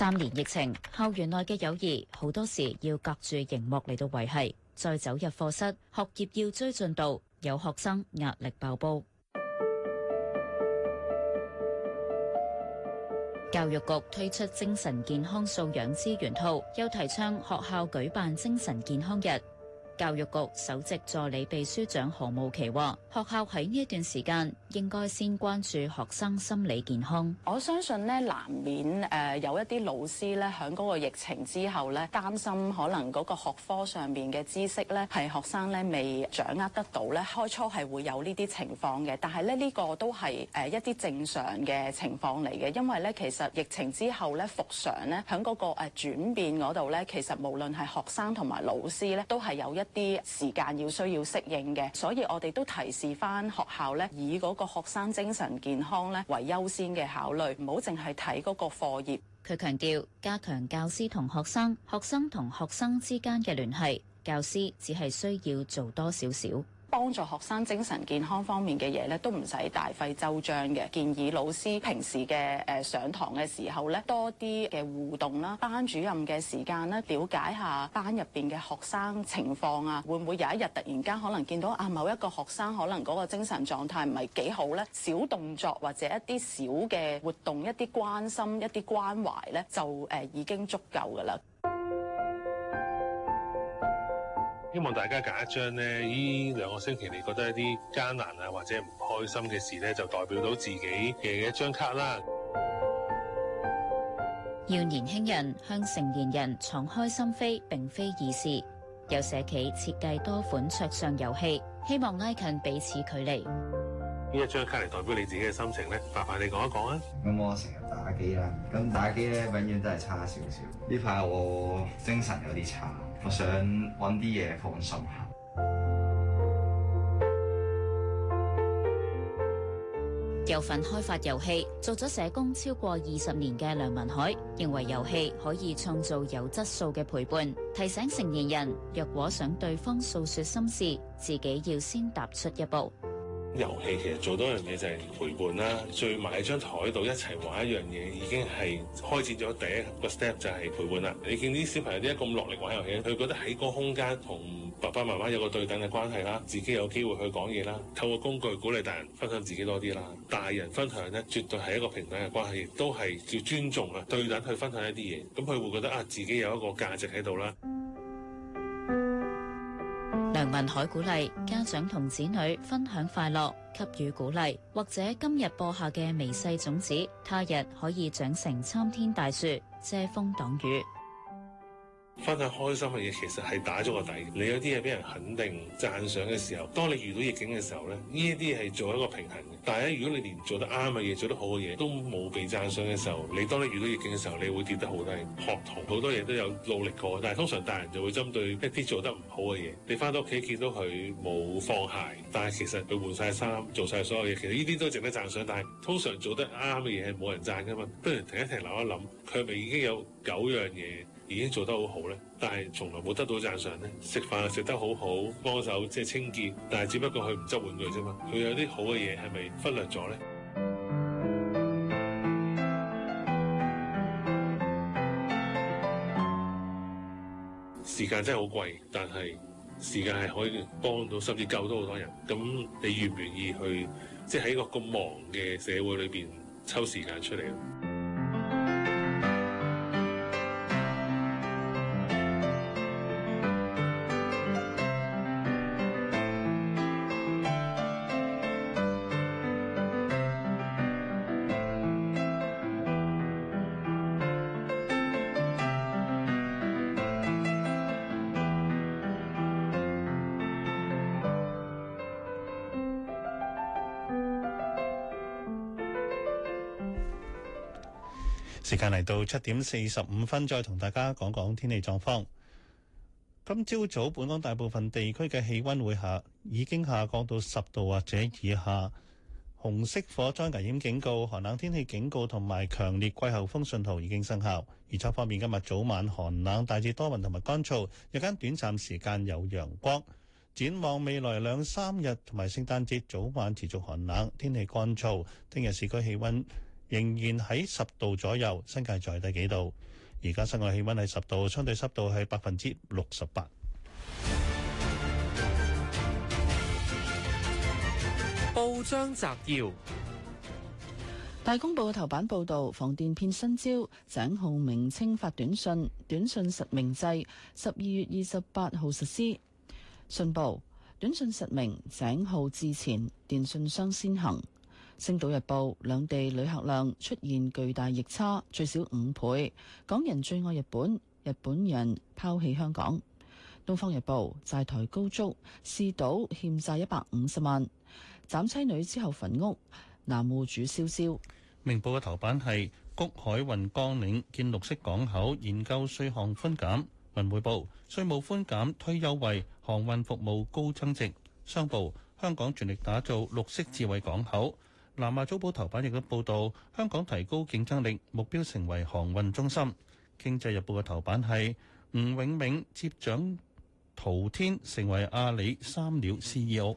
三年疫情，校園內嘅友誼好多時要隔住螢幕嚟到維繫，再走入課室，學業要追進度，有學生壓力爆煲。 教育局推出精神健康素養資源套，又提倡學校舉辦精神健康日。教育局首席助理秘書長何慕琪話：學校喺呢一段時間應該先關注學生心理健康。我相信咧，難免誒有一啲老師咧，響嗰個疫情之後咧，擔心可能嗰個學科上面嘅知識咧，係學生咧未掌握得到咧，開初係會有呢啲情況嘅。但係咧，呢個都係誒一啲正常嘅情況嚟嘅，因為咧，其實疫情之後咧復常咧，響嗰個誒轉變嗰度咧，其實無論係學生同埋老師咧，都係有一。啲時間要需要適應嘅，所以我哋都提示返學校咧，以嗰個學生精神健康咧為優先嘅考慮，唔好淨係睇嗰個課業。佢強調加強教師同學生、學生同學生之間嘅聯繫，教師只係需要做多少少。幫助學生精神健康方面嘅嘢咧，都唔使大費周章嘅。建議老師平時嘅誒、呃、上堂嘅時候咧，多啲嘅互動啦，班主任嘅時間啦，了解下班入邊嘅學生情況啊，會唔會有一日突然間可能見到啊某一個學生可能嗰個精神狀態唔係幾好咧，小動作或者一啲小嘅活動、一啲關心、一啲關懷咧，就、呃、誒已經足夠噶啦。希望大家揀一張呢，呢兩個星期你覺得一啲艱難啊，或者唔開心嘅事咧，就代表到自己嘅一張卡啦。要年輕人向成年人敞開心扉並非易事。有社企設計多款桌上遊戲，希望拉近彼此距離。呢一張卡嚟代表你自己嘅心情咧？麻煩你講一講啊！咁我成日打機啦，咁打機咧，永遠都係差少少。呢排我精神有啲差。我想揾啲嘢放心下。有份開發遊戲，做咗社工超過二十年嘅梁文海認為遊戲可以創造有質素嘅陪伴，提醒成年人，若果想對方訴說心事，自己要先踏出一步。遊戲其實做多樣嘢就係陪伴啦，聚埋喺張台度一齊玩一樣嘢，已經係開始咗第一個 step 就係、是、陪伴啦。你見啲小朋友點解咁落力玩遊戲？佢覺得喺個空間同爸爸媽媽有個對等嘅關係啦，自己有機會去講嘢啦，透過工具鼓勵大人分享自己多啲啦。大人分享咧，絕對係一個平等嘅關係，亦都係要尊重啊，對等去分享一啲嘢，咁佢會覺得啊，自己有一個價值喺度啦。文海鼓勵家長同子女分享快樂，給予鼓勵，或者今日播下嘅微細種子，他日可以長成參天大樹，遮風擋雨。分享開心嘅嘢，其實係打咗個底。你有啲嘢俾人肯定讚賞嘅時候，當你遇到逆境嘅時候咧，呢一啲嘢係做一個平衡嘅。但係，如果你連做得啱嘅嘢、做得好嘅嘢都冇被讚賞嘅時候，你當你遇到逆境嘅時候，你會跌得好低。學童好多嘢都有努力過，但係通常大人就會針對一啲做得唔好嘅嘢。你翻到屋企見到佢冇放鞋，但係其實佢換晒衫、做晒所有嘢，其實呢啲都值得讚賞。但係通常做得啱嘅嘢係冇人讚㗎嘛。不如停一停，一停一、諗一諗，佢咪已經有九樣嘢。已經做得好好咧，但係從來冇得到讚賞咧。食飯食得好好，幫手即係清潔，但係只不過佢唔執玩具啫嘛。佢有啲好嘅嘢係咪忽略咗咧？ 時間真係好貴，但係時間係可以幫到甚至救到好多人。咁你願唔願意去，即係喺一個咁忙嘅社會裏邊抽時間出嚟啊？近嚟到七點四十五分，再同大家講講天氣狀況。今朝早，早本港大部分地區嘅氣溫會下，已經下降到十度或者以下。紅色火災危險警告、寒冷天氣警告同埋強烈季候風信號已經生效。預測方面，今日早晚寒冷，大致多雲同埋乾燥，日間短暫時間有陽光。展望未來兩三日同埋聖誕節，早晚持續寒冷，天氣乾燥。聽日市區氣溫。仍然喺十度左右，新界再低幾度。而家室外氣溫係十度，相對濕度係百分之六十八。報章摘要：大公報嘅頭版報導，防電騙新招，井號名稱發短信，短信實名制，十二月二十八號實施。信報短信實名井號，至前電信商先行。《星島日報》兩地旅客量出現巨大逆差，最少五倍。港人最愛日本，日本人拋棄香港。《東方日報》債台高築，嗜賭欠債一百五十萬。斬妻女之後焚屋，男戶主燒燒。《明報》嘅頭版係谷海運江嶺建綠色港口，研究稅項寬減。《文匯報》稅務寬減推優惠，航運服務高增值。《商報》香港全力打造綠色智慧港口。南亞早報頭版亦都報道香港提高競爭力，目標成為航運中心。經濟日報嘅頭版係吳泳銘接掌淘天，成為阿里三鳥 CEO。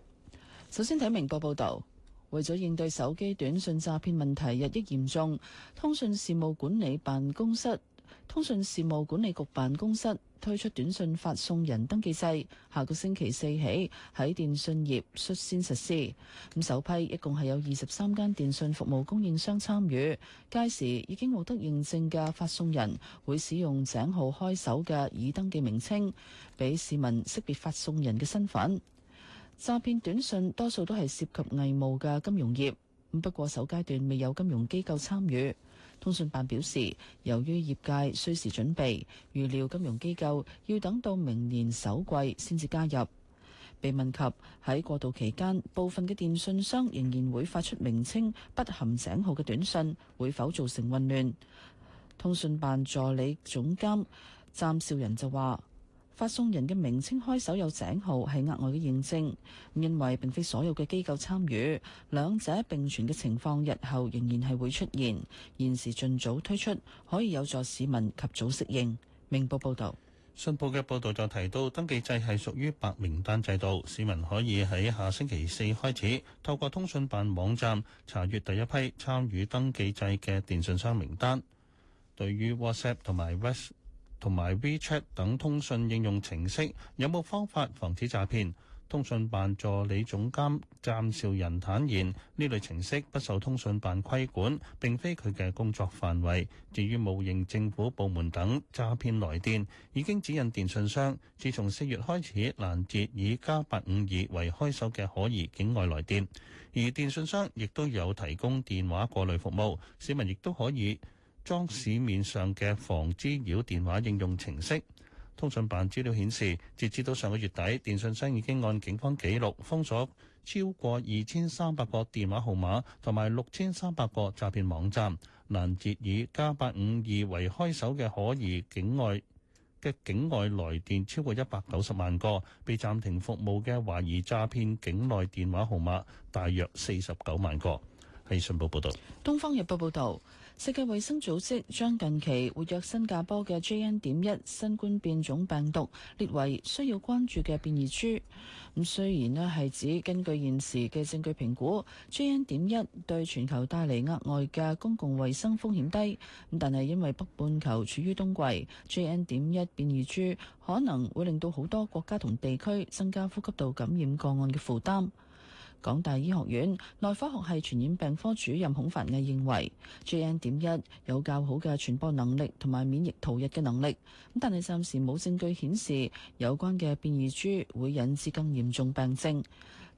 首先睇明報報導，為咗應對手機短信詐騙問題日益嚴重，通訊事務管理辦公室。通訊事務管理局辦公室推出短信發送人登記制，下個星期四起喺電信業率先實施。咁首批一共係有二十三間電信服務供應商參與，屆時已經獲得認證嘅發送人會使用井號開首嘅已登記名稱，俾市民識別發送人嘅身份。詐騙短信多數都係涉及偽冒嘅金融業，不過首階段未有金融機構參與。通訊辦表示，由於業界需時準備，預料金融機構要等到明年首季先至加入。被問及喺過渡期間，部分嘅電訊商仍然會發出名稱不含井號嘅短信，會否造成混亂？通訊辦助理總監湛少仁就話。發送人嘅名稱開首有井號係額外嘅認證，因為並非所有嘅機構參與，兩者並存嘅情況日後仍然係會出現。現時盡早推出可以有助市民及早適應。明報報導，信報嘅報導就提到登記制係屬於白名單制度，市民可以喺下星期四開始透過通訊辦網站查閲第一批參與登記制嘅電訊商名單。對於 WhatsApp 同埋 WeChat。同埋 WeChat 等，通訊應用程式有冇方法防止詐騙？通訊辦助理總監湛兆仁坦言，呢類程式不受通訊辦規管，並非佢嘅工作範圍。至於冒認政府部門等詐騙來電，已經指引電信商自從四月開始攔截，以加八五二為開首嘅可疑境外來電，而電信商亦都有提供電話過濾服務，市民亦都可以裝市面上嘅防滋擾電話應用程式。通訊辦資料顯示，截至到上個月底，電信商已經按警方記錄封鎖超過二千三百個電話號碼，同埋六千三百個詐騙網站，攔截以加八五二為開首嘅可疑境外嘅境外來電超過一百九十萬個，被暫停服務嘅懷疑詐騙境內電話號碼大約四十九萬個。係信報報道。東方日報報道。世界衛生組織將近期活躍新加坡嘅 JN 點一新冠變種病毒列為需要關注嘅變異株。咁雖然咧係指根據現時嘅證據評估，JN 點一對全球帶嚟額外嘅公共衛生風險低，咁但係因為北半球處於冬季，JN 點一變異株可能會令到好多國家同地區增加呼吸道感染個案嘅負擔。港大醫學院內科學系傳染病科主任孔繁毅認為，G N 點一有較好嘅傳播能力同埋免疫逃逸嘅能力，咁但係暫時冇證據顯示有關嘅變異株會引致更嚴重病症，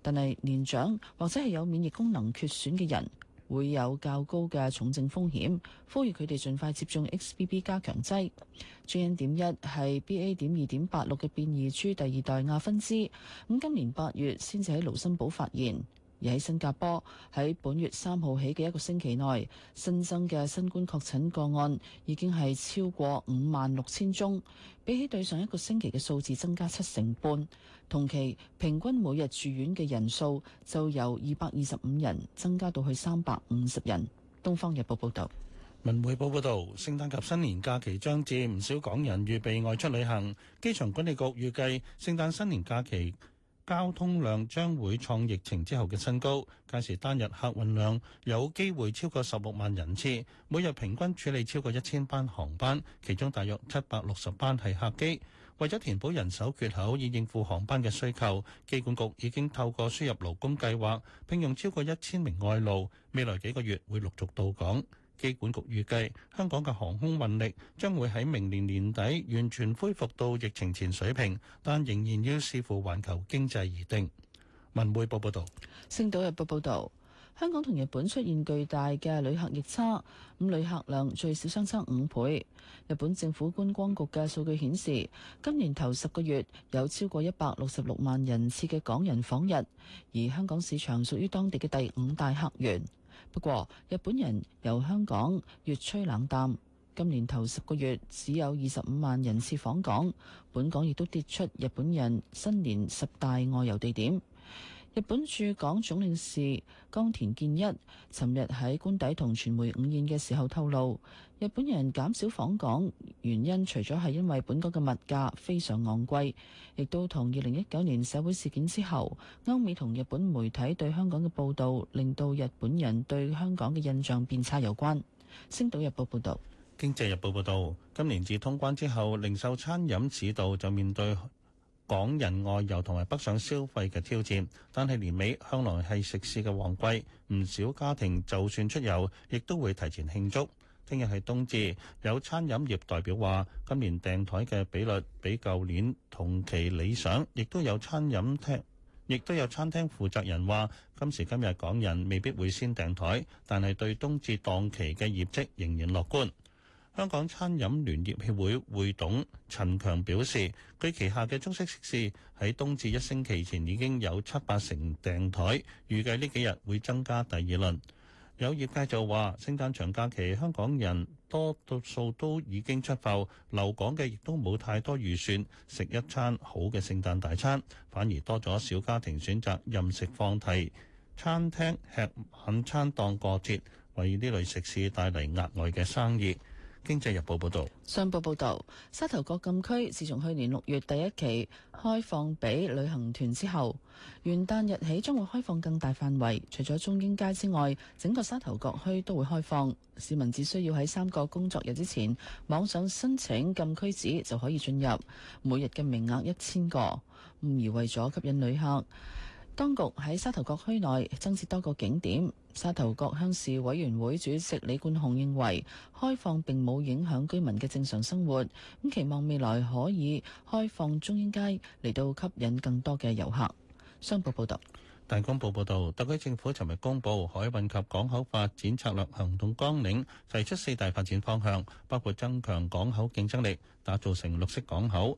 但係年長或者係有免疫功能缺損嘅人。會有較高嘅重症風險，呼籲佢哋盡快接種 XBB 加強劑。JN. 點一係 BA. 點二點八六嘅變異株第二代亞分支，咁今年八月先至喺盧森堡發現。而喺新加坡，喺本月三號起嘅一個星期內，新增嘅新冠確診個案已經係超過五萬六千宗，比起對上一個星期嘅數字增加七成半。同期平均每日住院嘅人數就由二百二十五人增加到去三百五十人。《東方日報》報道，《文匯報》報道，聖誕及新年假期將至，唔少港人預備外出旅行。機場管理局預計聖誕、新年假期，交通量將會創疫情之後嘅新高，屆時單日客運量有機會超過十六萬人次，每日平均處理超過一千班航班，其中大約七百六十班係客機。為咗填補人手缺口，以應付航班嘅需求，機管局已經透過輸入勞工計劃，聘用超過一千名外勞，未來幾個月會陸續到港。機管局預計，香港嘅航空運力將會喺明年年底完全恢復到疫情前水平，但仍然要視乎環球經濟而定。文匯報報導，《星島日報》報導，香港同日本出現巨大嘅旅客逆差，咁旅客量最少相差五倍。日本政府觀光局嘅數據顯示，今年頭十個月有超過一百六十六萬人次嘅港人訪日，而香港市場屬於當地嘅第五大客源。不過，日本人由香港越趨冷淡，今年頭十個月只有二十五萬人次訪港，本港亦都跌出日本人新年十大外遊地點。日本駐港總領事岡田健一尋日喺官邸同傳媒午宴嘅時候透露。日本人減少訪港原因，除咗係因為本港嘅物價非常昂貴，亦都同二零一九年社會事件之後，歐美同日本媒體對香港嘅報道令到日本人對香港嘅印象變差有關。星島日報報道，經濟日報報道，今年自通關之後零售、餐飲指導就面對港人外遊同埋北上消費嘅挑戰，但係年尾向來係食肆嘅旺季，唔少家庭就算出遊亦都會提前慶祝。聽日係冬至，有餐飲業代表話，今年訂枱嘅比率比舊年同期理想，亦都有餐飲廳，亦都有餐廳負責人話，今時今日港人未必會先訂枱，但係對冬至檔期嘅業績仍然樂觀。香港餐飲聯業協會會董陳強表示，佢旗下嘅中式食肆喺冬至一星期前已經有七八成訂枱，預計呢幾日會增加第二輪。有業界就話：聖誕長假期，香港人多數都已經出埠，留港嘅亦都冇太多預算，食一餐好嘅聖誕大餐，反而多咗小家庭選擇任食放題餐廳吃晚餐當過節，為呢類食肆帶嚟額外嘅生意。經濟日報報導，商報報導，沙頭角禁區自從去年六月第一期開放俾旅行團之後，元旦日起將會開放更大範圍，除咗中英街之外，整個沙頭角墟都會開放。市民只需要喺三個工作日之前網上申請禁區紙就可以進入，每日嘅名額一千個。而為咗吸引旅客，當局喺沙頭角區內增設多個景點。沙頭角鄉事委員會主席李冠雄認為，開放並冇影響居民嘅正常生活。咁期望未來可以開放中英街嚟到吸引更多嘅遊客。商報報導，大公報報導，特區政府尋日公布海運及港口發展策略行動綱領，提出四大發展方向，包括增強港口競爭力，打造成綠色港口。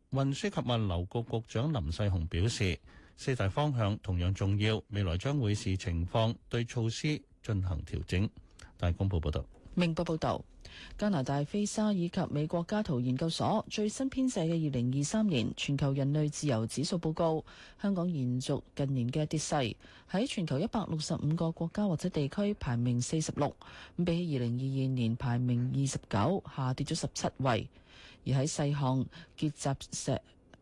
運輸及物流局局長林世雄表示，四大方向同樣重要，未來將會視情況對措施進行調整。大公報報道，明報報道，加拿大菲沙以及美國加圖研究所最新編寫嘅二零二三年全球人類自由指數報告，香港延續近年嘅跌勢，喺全球一百六十五個國家或者地區排名四十六，比起二零二二年排名二十九下跌咗十七位。而喺細項結集社，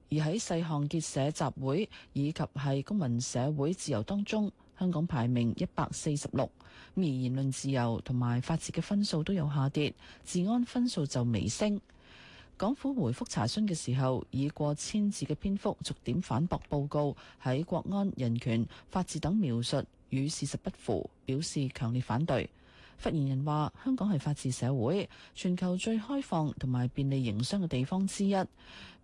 而喺細項結社集會以及係公民社會自由當中，香港排名一百四十六。而言論自由同埋法治嘅分數都有下跌，治安分數就微升。港府回覆查詢嘅時候，以過千字嘅篇幅逐點反駁報告喺國安、人權、法治等描述與事實不符，表示強烈反對。發言人話：香港係法治社會，全球最開放同埋便利營商嘅地方之一，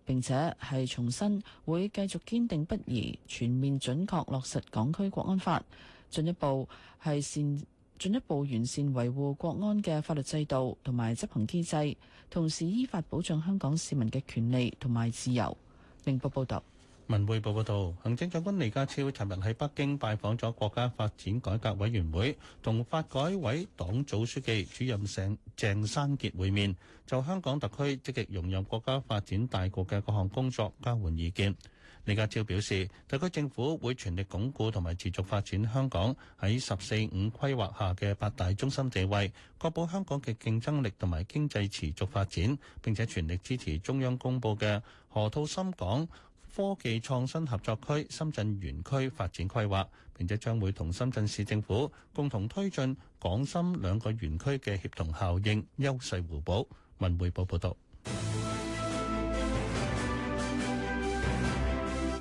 並且係重申會繼續堅定不移全面準確落實港區國安法，進一步係善進一步完善維護國安嘅法律制度同埋執行機制，同時依法保障香港市民嘅權利同埋自由。明報報道。文匯報報道，行政長官李家超尋日喺北京拜訪咗國家發展改革委員會，同發改委黨組書記主任鄭鄭山杰會面，就香港特區積極融入國家發展大局嘅各項工作交換意見，李家超表示，特區政府會全力鞏固同埋持續發展香港喺十四五規劃下嘅八大中心地位，確保香港嘅競爭力同埋經濟持續發展，並且全力支持中央公布嘅河套深港科技創新合作區深圳園區發展規劃，並且將會同深圳市政府共同推進港深兩個園區嘅協同效應、優勢互補。文匯報報道。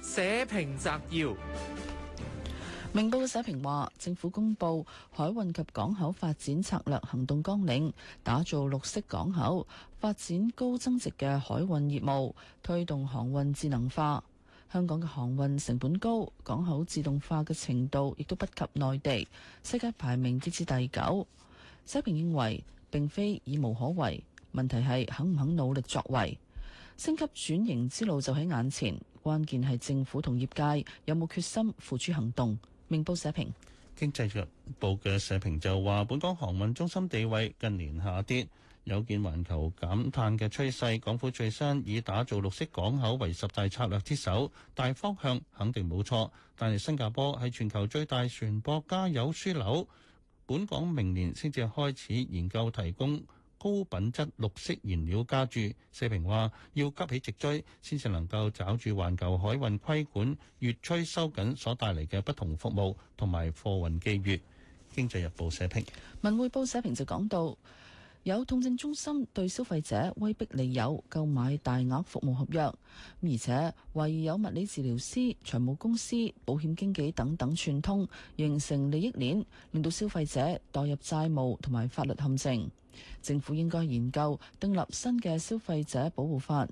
社評摘要。明報嘅社評話，政府公布海運及港口發展策略行動綱領，打造綠色港口，發展高增值嘅海運業務，推動航運智能化。香港嘅航運成本高，港口自動化嘅程度亦都不及內地，世界排名跌至第九。社評認為並非已無可為，問題係肯唔肯努力作為，升級轉型之路就喺眼前，關鍵係政府同業界有冇決心付諸行動。明報社評。經濟日報嘅社評就話：本港航運中心地位近年下跌，有見環球減碳嘅趨勢，港府最新以打造綠色港口為十大策略之首，大方向肯定冇錯。但係新加坡喺全球最大船舶加油樞紐，本港明年先至開始研究提供，高品質綠色燃料加注，社評話要急起直追，先至能夠抓住環球海運規管越趨收緊所帶嚟嘅不同服務同埋貨運機遇。經濟日報社評，文匯報社評就講到。有痛症中心對消費者威逼利誘購買大額服務合約，而且懷疑有物理治療師、財務公司、保險經紀等等串通，形成利益鏈，令到消費者墮入債務同埋法律陷阱。政府應該研究訂立新嘅消費者保護法，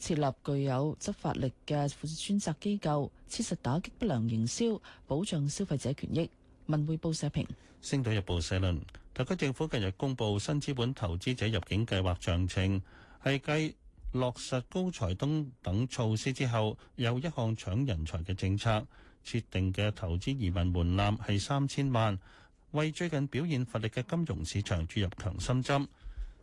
設立具有執法力嘅專責機構，切實打擊不良營銷，保障消費者權益。文匯報社評，《星島日報》社論。特區政府近日公布新資本投資者入境計劃詳情，係繼落實高才通等措施之後又一項搶人才嘅政策。設定嘅投資移民門檻係三千萬，為最近表現乏力嘅金融市場注入強心針。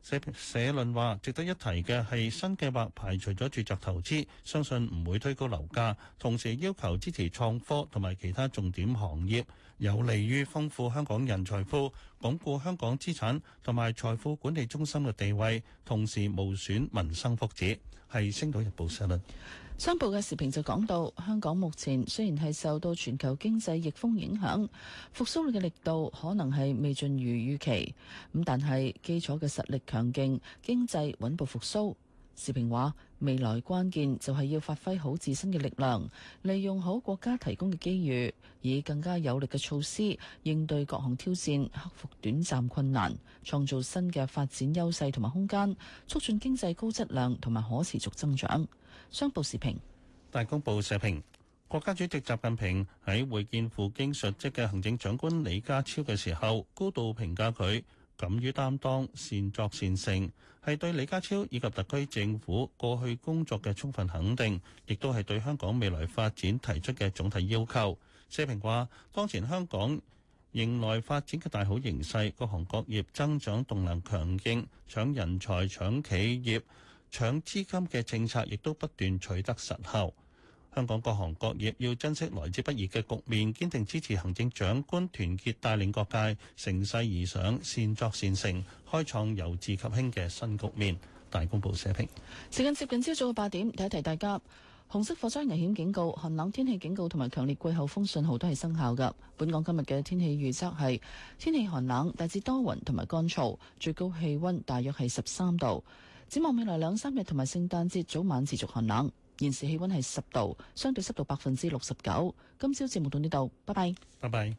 社，社論話，值得一提嘅係新計劃排除咗住宅投資，相信唔會推高樓價。同時要求支持創科同埋其他重點行業。有利於豐富香港人財富、鞏固香港資產同埋財富管理中心嘅地位，同時無損民生福祉。係《星島日報》社論。商報嘅時評就講到，香港目前雖然係受到全球經濟逆風影響，復甦嘅力，力度可能係未盡如預期，咁但係基礎嘅實力強勁，經濟穩步復甦。視評話，未來關鍵就係要發揮好自身嘅力量，利用好國家提供嘅機遇，以更加有力嘅措施應對各項挑戰，克服短暫困難，創造新嘅發展優勢同埋空間，促進經濟高質量同埋可持續增長。商報視評。大公報社評，國家主席習近平喺會見赴京述職嘅行政長官李家超嘅時候，高度評價佢。敢於擔當，善作善成，係對李家超以及特區政府過去工作嘅充分肯定，亦都係對香港未來發展提出嘅總體要求。社評話，當前香港迎來發展嘅大好形勢，各行各業增長動能強勁，搶人才、搶企業，搶資金嘅政策亦都不斷取得實效。香港各行各業要珍惜來之不易嘅局面，堅定支持行政長官團結帶領各界乘勢而上，善作善成，開創由治及興嘅新局面。大公報社評。時間接近朝早嘅八點，提一提大家。紅色火災危險警告、寒冷天氣警告同埋強烈季候風信號都係生效㗎。本港今日嘅天氣預測係天氣寒冷，大致多雲同埋乾燥，最高氣温大約係十三度。展望未來兩三日同埋聖誕節早晚持續寒冷。現時氣溫係十度，相對濕度百分之六十九。今朝節目到呢度，拜拜。拜拜。